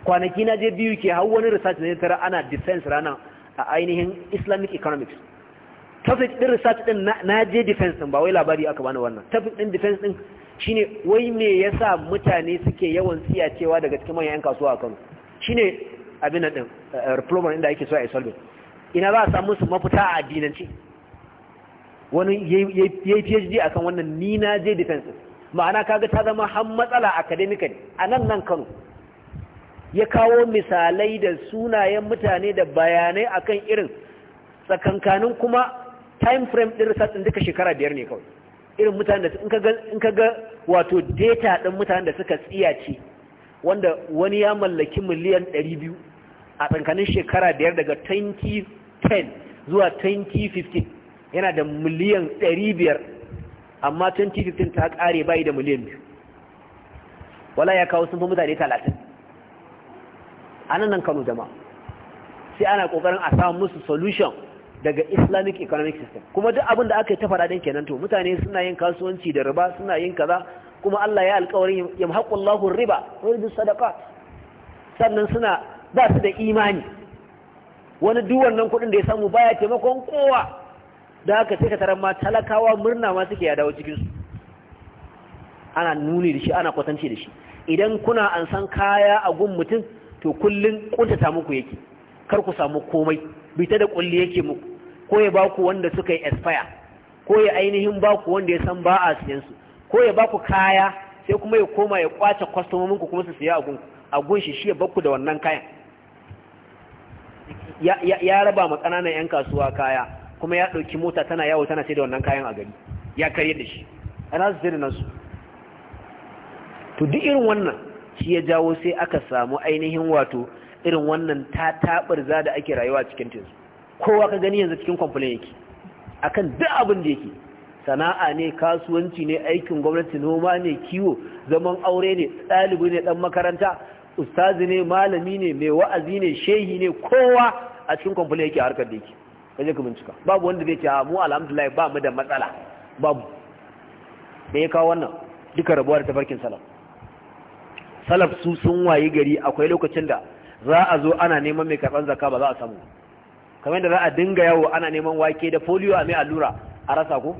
S1: kwanaki na je biyu ke hau wani research na tara ana defense ranar a ainihin islamic economics Tafik din research din na je defense din ba wai labari aka bani wannan topic din defense din shine wai me yasa mutane suke yawan siya cewa daga cikin manyan kasuwa a Kano shine abin din eh, problem inda ake so a solve ina za a samu su mafita a addinance wani yayi PhD akan wannan ni na je defense ma'ana kaga ta zama har matsala academically a nan nan Kano ya kawo misalai da sunayen mutane da bayanai akan irin tsakankanin kuma time frame ɗin research ɗin duka shekara biyar ne kawai irin mutane da in ka ga wato data ɗin mutane da suka tsiya ce wanda wani ya mallaki miliyan 200 a tsakanin shekara biyar daga 2010 zuwa 2015 yana da miliyan 500 amma 2015 ta ƙare bayi da miliyan 2 wala ya kawo sun fi mutane 30 a nan nan kano jama'a sai ana ƙoƙarin a samu musu solution daga islamic economic system kuma duk abin da aka yi ta faradin kenan to mutane suna yin kasuwanci da riba suna yin kaza kuma Allah ya alƙawarin Allahu riba wa sadaqat sannan suna ba su da imani wani duk wannan kuɗin da ya samu baya taimakon kowa da aka sai ka tarar ma talakawa murna ma suke ya dawo cikin su ana nuni da shi ana kwatance da shi idan kuna an san kaya a gun mutum to kullun kuntata muku yake kar ku samu komai bita da kulli yake muku ko ya baku wanda suka yi expire ko ya ainihin baku wanda ya san ba a siyan su ko ya baku kaya sai kuma ya koma ya kwace kwastomomin ku kuma su siya a gun shi shi ya baku da wannan kayan ya raba ma ƙananan 'yan kasuwa kaya kuma ya ɗauki mota tana yawo tana sai da wannan kayan a gari ya karye da shi ana su sai da nasu to duk irin wannan shi ya jawo sai aka samu ainihin wato irin wannan ta taɓar za da ake rayuwa cikin tinsu kowa ka gani yanzu cikin kwamfulin yake akan duk abin da yake sana'a ne kasuwanci ne aikin gwamnati noma ne kiwo zaman aure ne ɗalibi ne ɗan makaranta ustazi ne malami ne mai wa'azi ne shehi ne kowa a cikin kwamfulin yake harkar da yake kaje ka bincika babu wanda zai ce ah, mu alhamdulillah ba mu da matsala babu me ya kawo wannan duka rabuwa da tafarkin salaf salaf su sun wayi gari akwai lokacin da za a zo ana neman mai karɓar zakka ba za a samu kamar da za a dinga yawo ana neman wake da polio a mai allura a rasa ku?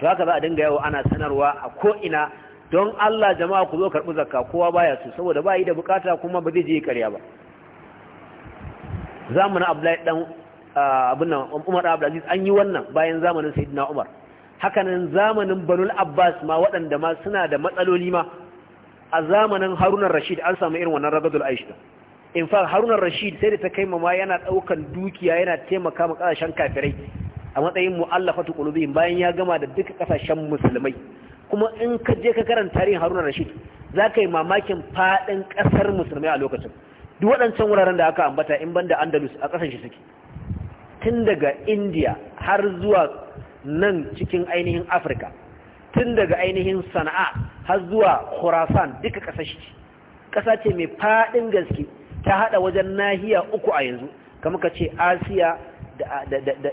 S1: to haka za a dinga yawo ana sanarwa a ko'ina ina don Allah jama'a ku zo karɓi zakka kowa baya su saboda ba yi da bukata kuma ba zai je karya ba zamanin Abdullahi dan abin nan Umar Abdulaziz an yi wannan bayan zamanin Sayyidina Umar hakanan zamanin Banul Abbas ma waɗanda ma suna da matsaloli ma a zamanin Haruna Rashid an samu irin wannan ragadul Aisha in fa harunan rashid sai da ta kai mama yana daukan dukiya yana taimaka ma kasashen kafirai a matsayin mu'allafatu qulubihim bayan ya gama da duka kasashen musulmai kuma in ka je ka karanta tarihin Haruna rashid za ka yi mamakin fadin kasar musulmai a lokacin duk waɗancan wuraren da aka ambata in banda andalus a kasashe shi suke tun daga india har zuwa nan cikin ainihin afirka tun daga ainihin sana'a har zuwa khurasan duka kasashe kasa ce mai faɗin gaske ta hada wajen nahiya uku a yanzu kamar ka ce asiya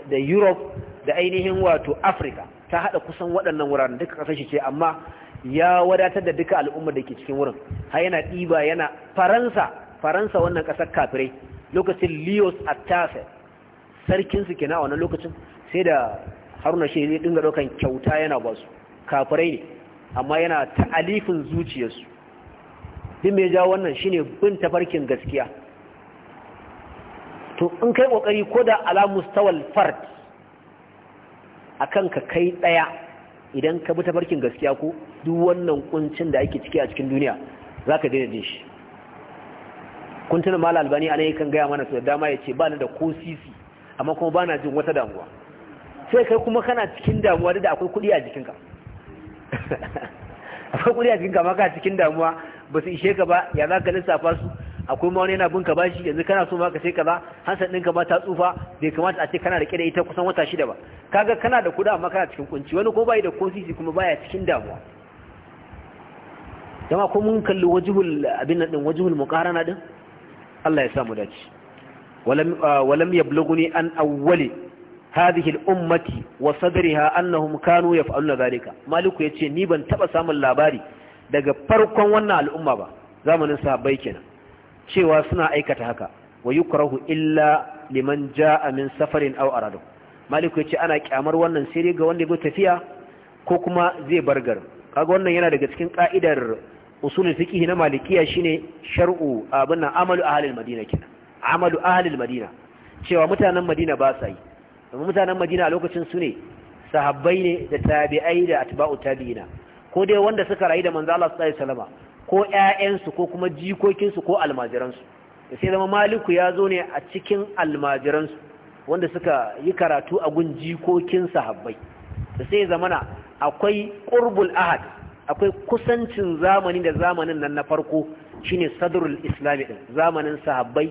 S1: da europe da ainihin wato africa ta hada kusan waɗannan wuraren duka kasashe ce amma ya wadatar da duka al'ummar da ke cikin wurin har yana ɗiba yana faransa faransa wannan ƙasar kafirai lokacin leos attase sarkinsu kina wannan lokacin sai da haruna shi zai dinga ɗaukan kyauta yana ba su kafirai ne amma yana ta'alifin zuciyarsu din mai jawo wannan shine bin tafarkin gaskiya to in kai kokari ko da ala mustawal fard akan ka kai daya idan ka bi tafarkin gaskiya ko duk wannan kuncin da ake ciki a cikin duniya zaka daina jin shi kun tuna mal albani anan yakan gaya mana su da dama ya ce ba ni da ko sisi amma kuma ba na jin wata damuwa sai kai kuma kana cikin damuwa da akwai kuɗi a jikinka akwai kudi a jikinka amma ka cikin damuwa ba su ishe ka ba ya za ka lissafa su akwai ma wani yana bin ka bashi yanzu kana so ma ka sai kaza hansan ɗinka ma ta tsufa bai kamata a ce kana da da ita kusan wata shida ba kaga kana da kuɗi amma kana cikin kunci wani ko bai da kosisi kuma baya cikin damuwa jama ko mun kalli wajihul abin nan din wajihul muqarana din Allah ya sa mu dace walam walam yablughuni an awwali hadhihi al-ummati wa sadriha annahum kanu yaf'aluna dhalika maliku yace ni ban taba samun labari daga farkon wannan al'umma ba zamanin sahabbai kenan cewa suna aikata haka wa yukrahu illa liman jaa min safarin aw arado maliku yace ana kyamar wannan sai ga wanda ya tafiya ko kuma zai bar garin kaga wannan yana daga cikin ka'idar usulul fiqh na malikiya shine shar'u abin amalu ahlil madina kenan amalu ahlil madina cewa mutanen madina ba sa yi mutanen madina a lokacin su ne sahabbai ne da tabi'ai da atba'u tabi'ina ko dai wanda suka rayu da manzo Allah sallallahu alaihi wasallam ko ƴaƴansu ko kuma jikokinsu ko almajiransu sai zama maliku ya zo ne a cikin almajiransu wanda suka yi karatu a gun jikokin sahabbai sai zamana akwai qurbul ahad akwai kusancin zamani da zamanin nan na farko shine sadrul Islam din zamanin sahabbai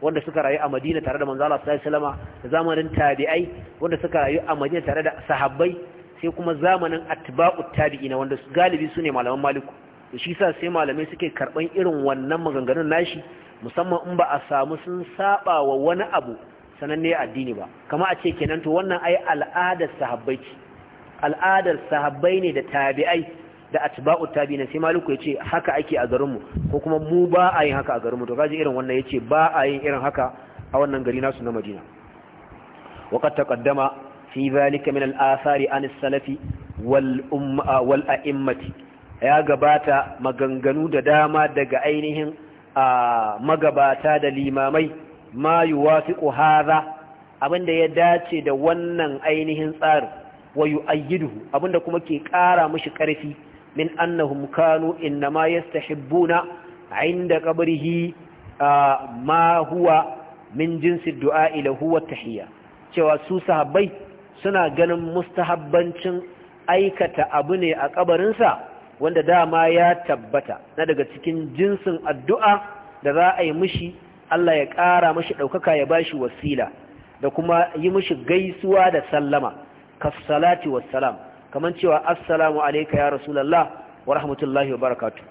S1: wanda suka rayu a Madina tare da manzo Allah sallallahu alaihi wasallam zamanin tabi'ai wanda suka rayu a Madina tare da sahabbai sai kuma zamanin atba'u tabi'ina wanda galibi su ne malaman maliku to shi sa sai malamai suke karban irin wannan maganganun nashi musamman in ba a samu sun saba wa wani abu sananne addini ba kama a ce kenan to wannan ai al'adar sahabbai ce al'adar sahabbai ne da tabi'ai da atba'u tabi'ina sai maliku ya ce haka ake a garinmu ko kuma mu ba a yin haka a garinmu to kaji irin wannan ya ce ba a yin irin haka a wannan gari nasu na madina وقد تقدم fi zalika min al-athari an wal umma wal a'immati ya gabata maganganu da dama daga ainihin magabata da limamai ma yuwafiqu abinda ya dace da wannan ainihin tsari wa yu'ayyiduhu abinda kuma ke ƙara mishi ƙarfi min annahum kanu innama yastahibbuna inda qabrihi ma huwa min jinsi du'a ila huwa tahiyya cewa su sahabbai suna ganin mustahabbancin aikata abu ne a kabarinsa wanda dama ya tabbata na daga cikin jinsin addu'a da za a yi mushi Allah ya ƙara mashi ɗaukaka ya ba shi wasila da kuma yi mishi gaisuwa da sallama kassalati wassalam kamar cewa assalamu alaika ya rasulallah wa rahmatullahi wa barakatu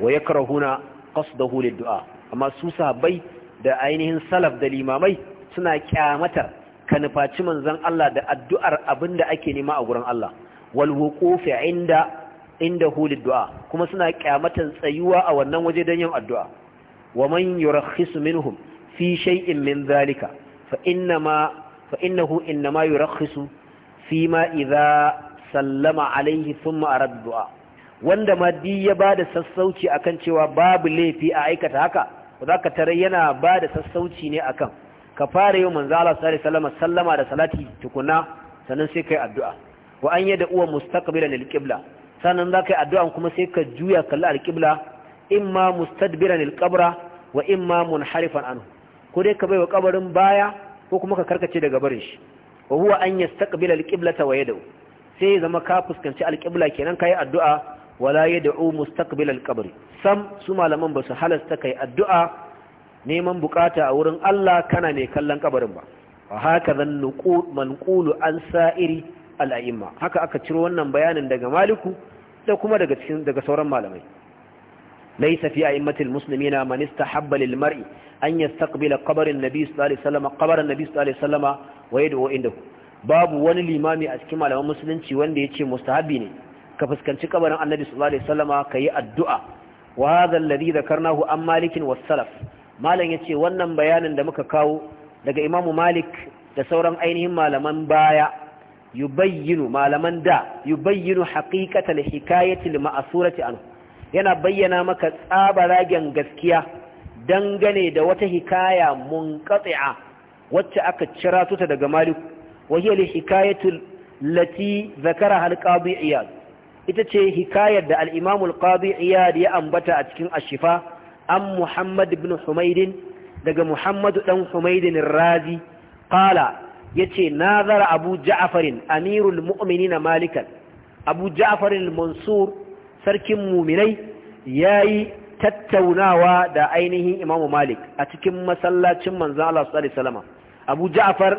S1: wa ya karahuna da hulid dua amma su sahabbai da ainihin salaf da limamai suna kyamatar ka nufaci manzon Allah da addu'ar abin da ake nema a gurin Allah wal inda inda hulid du'a kuma suna kyamatan tsayuwa a wannan waje don yin addu'a wa man yurakhisu minhum fi shay'in min zalika fa innama fa innahu innama yurakhisu fi ma idza sallama alaihi thumma arad du'a wanda ma di ya bada sassauci akan cewa babu laifi a aikata haka zaka tare yana da sassauci ne akan ka fara yau manzo Allah sallallahu alaihi sallama da salati tukuna sannan sai kai addu'a wa an yada uwa mustaqbilan alqibla sannan za ka yi addu'a kuma sai ka juya kalli alqibla imma mustadbiran alqabra wa imma munharifan anhu ko dai ka baiwa kabarin baya ko kuma ka karkace daga barin shi wa huwa an yastaqbila alqiblata wa yad'u sai zama ka fuskanci alqibla kenan kai addu'a wala yad'u mustaqbila alqabri sam su malaman ba su halasta kai addu'a neman bukata a wurin Allah kana mai kallon kabarin ba wa haka zan manqulu an sa'iri al'a'imma haka aka ciro wannan bayanin daga maliku da kuma daga cikin daga sauran malamai laysa fi a'immatil muslimina man istahabba lil mar'i an yastaqbila qabrin nabi sallallahu alaihi wasallam qabran nabi sallallahu alaihi wasallam wa yad'u indahu babu wani limami a cikin malaman musulunci wanda yace mustahabi ne ka fuskanci kabarin annabi sallallahu alaihi wasallam kayi addu'a wa hadha alladhi dhakarnahu an malikin was salaf malam yace wannan bayanin da muka kawo daga imamu malik da sauran ainihin malaman baya yubayyinu malaman da yubayyinu haqiqatal hikayati lil anhu yana bayyana maka tsabaragen gaskiya dangane da wata hikaya munqati'a wacce aka cira tuta daga malik wa hiya li hikayatul lati zakaraha al iyad ita ce hikayar da alimamul imam iyad ya ambata a cikin ashifa an Muhammad ibn Humaydin daga Muhammadu ɗan Humaydin Razi qala yace nazara Abu Ja'far Amirul Mu'minin Malikan Abu Ja'far mansur sarkin mu'minai yayi tattaunawa da ainihin Imam Malik a cikin masallacin manzon Allah sallallahu alaihi wasallam Abu Ja'far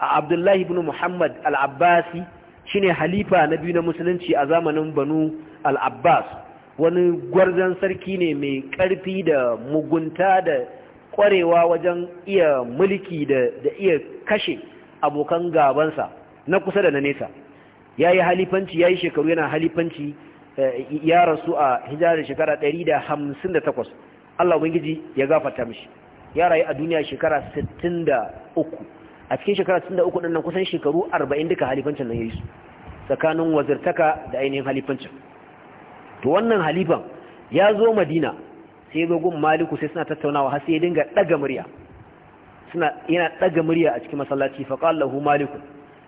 S1: Abdullahi ibn Muhammad al-Abbasi shine halifa na biyu na musulunci a zamanin Banu al-Abbas wani gwarzon sarki ne mai ƙarfi da mugunta da ƙwarewa wajen iya mulki da iya kashe abokan gabansa na kusa da na nesa ya yi halifanci ya yi shekaru yana halifanci eh, ya rasu a hijirar shekara 158 Allah ubangiji ya gafarta mishi ya rayu a duniya shekara 63 a cikin shekara 63 ɗin nan kusan shekaru 40 duka halifancin nan ya yi su tsakanin wazirtaka da ainihin halifancin to wannan halifan ya zo madina sai zo gun maliku sai suna tattaunawa har sai ya dinga daga murya suna yana daga murya a cikin masallaci fa qala lahu maliku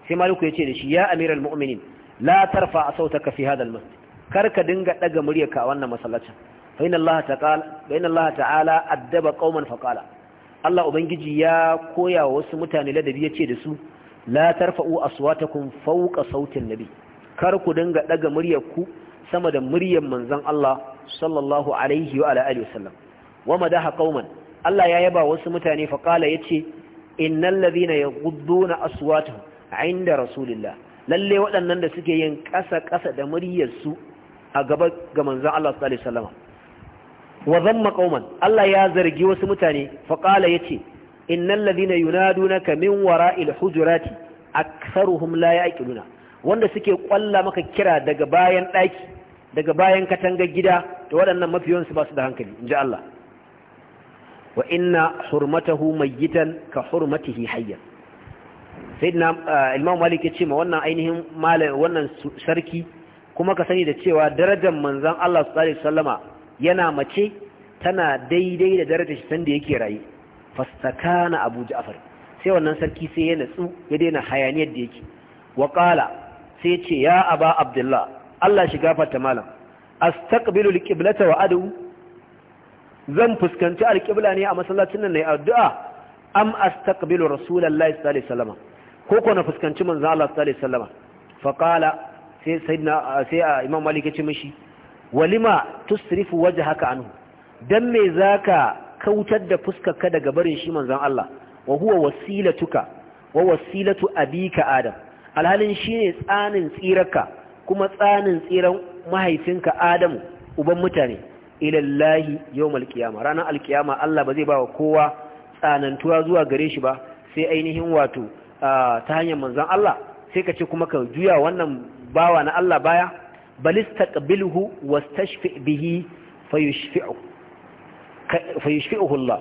S1: sai maliku ya ce da shi ya amiral mu'minin la tarfa sautaka fi hadha al kar ka dinga daga ka a wannan masallacin fa inna ta'ala inna Allah ta'ala addaba qauman fa qala Allah ubangiji ya koya wa wasu mutane ladabi yace da su la tarfa'u aswatakum fawqa sautin nabi kar ku dinga daga ku? sama da muryar manzon Allah sallallahu alaihi wa ala alihi wasallam wa madaha qauman Allah ya yaba wasu mutane fa qala yace innal ladhina yaghudduna aswatahum inda rasulillah lalle waɗannan da suke yin ƙasa ƙasa da muryar su a gaba ga manzon Allah sallallahu alaihi wasallam wa zamma qauman Allah ya zargi wasu mutane fa qala yace innal ladhina yunadunaka min wara'il hujurati aktharuhum la ya'qiluna wanda suke kwalla maka kira daga bayan ɗaki daga bayan katanga gida to waɗannan mafiyansu ba su da hankali in ji Allah wa inna hurmatahu mayyitan ka hurmatihi hayyan sayyidina eh, imam malik ya ce ma wannan ainihin mala wannan sarki kuma ka sani da cewa darajar manzon Allah sallallahu alaihi wasallama yana mace tana daidai da darajar shi sanda yake raye fastakana abu ja'far sai wannan sarki sai ya natsu ya daina hayaniyar da yake wa qala sai ce ya aba abdullah Allah shi gafarta malam astaqbilu alqiblata wa adu zan fuskanci alqibla ne a masallacin nan ne addu'a am astaqbilu rasulullahi sallallahu alaihi wasallam ko ko na fuskanci manzo Allah sallallahu alaihi wasallam fa qala sai sayyidina sai imam malik ya ce mishi walima tusrifu wajhaka anhu dan me zaka kautar da fuskarka daga barin shi manzon Allah wa huwa wasilatuka wa wasilatu abika adam alhalin shine tsanin tsirarka kuma tsanin tsiran mahaifinka Adamu uban mutane ilallahi yawmal qiyama ranar alkiyama Allah ba zai ba wa kowa tsanantuwa zuwa gare shi ba sai ainihin wato ta hanyar manzon Allah sai ka ce kuma ka juya wannan bawa na Allah baya balistaqbilhu wastashfi bihi fayushfi'u fayushfi'uhu Allah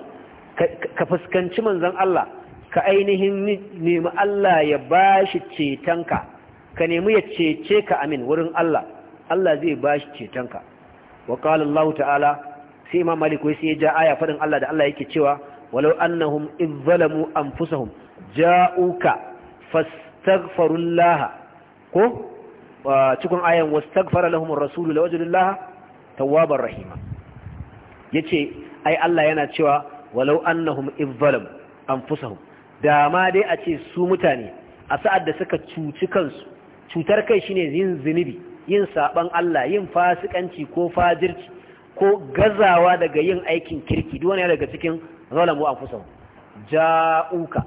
S1: ka fuskanci manzon Allah ka ainihin nemi Allah ya bashi cetonka ka nemi ya cece ka amin wurin Allah Allah zai bashi cetonka wa qala Allah ta'ala sai Imam Malik sai ya ja aya fadin Allah da Allah yake cewa walau annahum idh zalamu anfusahum ja'uka fastaghfirullah ko cikin ayan wastaghfara lahum ar-rasul lawajadullah tawwabar rahima yace ai Allah yana cewa walau annahum idh zalamu anfusahum da ma dai a ce su mutane a sa'ad da suka cuci kansu cutar kai shine yin zunubi yin saban Allah yin fasikanci ko fajirci ko gazawa daga yin aikin kirki duk wani daga cikin zalamu anfusahum ja'uka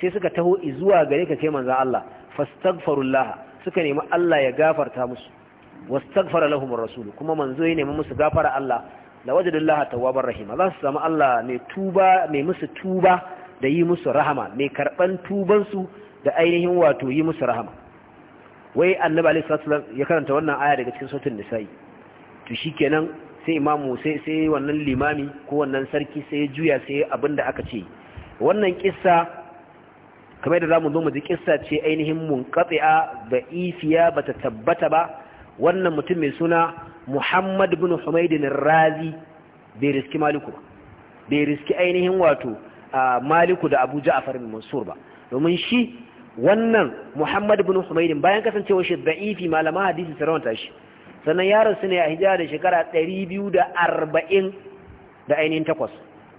S1: sai suka taho zuwa gare ka ce manzon Allah fastaghfirullah suka nemi Allah ya gafarta musu wastaghfara lahum ar-rasul kuma manzo ya nemi musu gafara Allah la wajadullah tawwabar rahim za su samu Allah mai tuba mai musu tuba da yi musu rahama mai karban tubansu da ainihin wato yi musu rahama wai annabi alayhi salatu ya karanta wannan aya daga cikin sautin nisa'i to shikenan sai imamu sai sai wannan limami ko wannan sarki sai ya juya sai abinda aka ce wannan kissa kamar da zamu zo mu ji kissa ce ainihin munqati'a da ifiya ta tabbata ba wannan mutum mai suna Muhammad ibn Humayd razi bai riski Maliku ba bai riski ainihin wato Maliku da Abu Ja'far bin Mansur ba domin shi wannan Muhammad ibn Humaydin bayan kasancewa shi da'ifi malama hadisi sun tashi. shi sannan yaron su ne a hijira da shekara 240 da ainihin takwas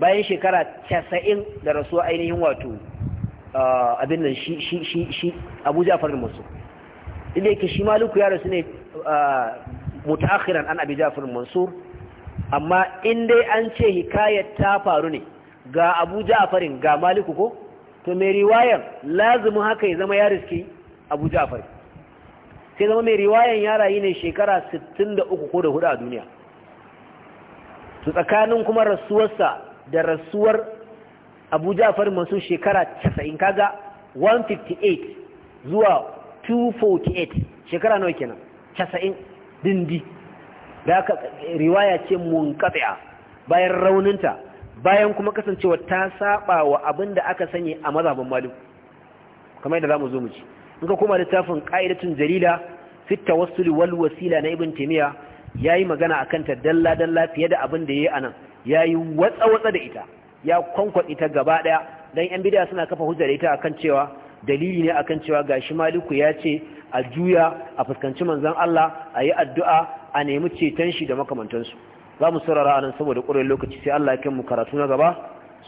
S1: bayan shekara 90 da rasuwa ainihin wato abin nan shi shi shi shi Abu Ja'far al-Mansur inda yake shi maluku yaron su ne mutaakhiran an Abi Ja'far al-Mansur amma in dai an ce hikayar ta faru ne ga Abu Ja'farin ga Maliku ko to mai riwayan lazumin haka ya zama ya riske abu ja'far sai zama mai riwayan ya rayu ne shekara 63 ko da hudu a duniya to tsakanin kuma rasuwarsa da rasuwar abu ja'far masu shekara 90 kaga 158 zuwa 248 shekara nawa kenan 90 dindi da aka eh, riwaya ce munqati'a bayan rauninta bayan kuma kasancewa ta saba wa abin da aka sani a mazhabin maliku kamar yadda zamu zo mu ci in ka koma littafin ƙa'idatun jarida, fitta wasu wal wasila na ibn ya yi magana a kanta, dalla dalla fiye da abin da ya yi a nan, ya yi watsa watsa da ita ya kwankwa ita gaba ɗaya, don yan bid'a suna kafa hujjar ita a kan cewa dalili ne a kan cewa gashi maliku ya ce a juya a fuskanci manzan Allah a yi addu'a a nemi ceton shi da makamantansu za mu saurara anan saboda ƙurin lokaci sai Allah ya kai mu karatu na gaba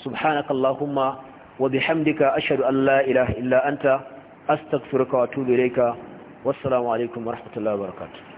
S1: subhanaka allahumma wa bihamdika ashhadu an la ilaha illa anta astaghfiruka wa atubu ilayka wassalamu alaikum wa rahmatullahi wa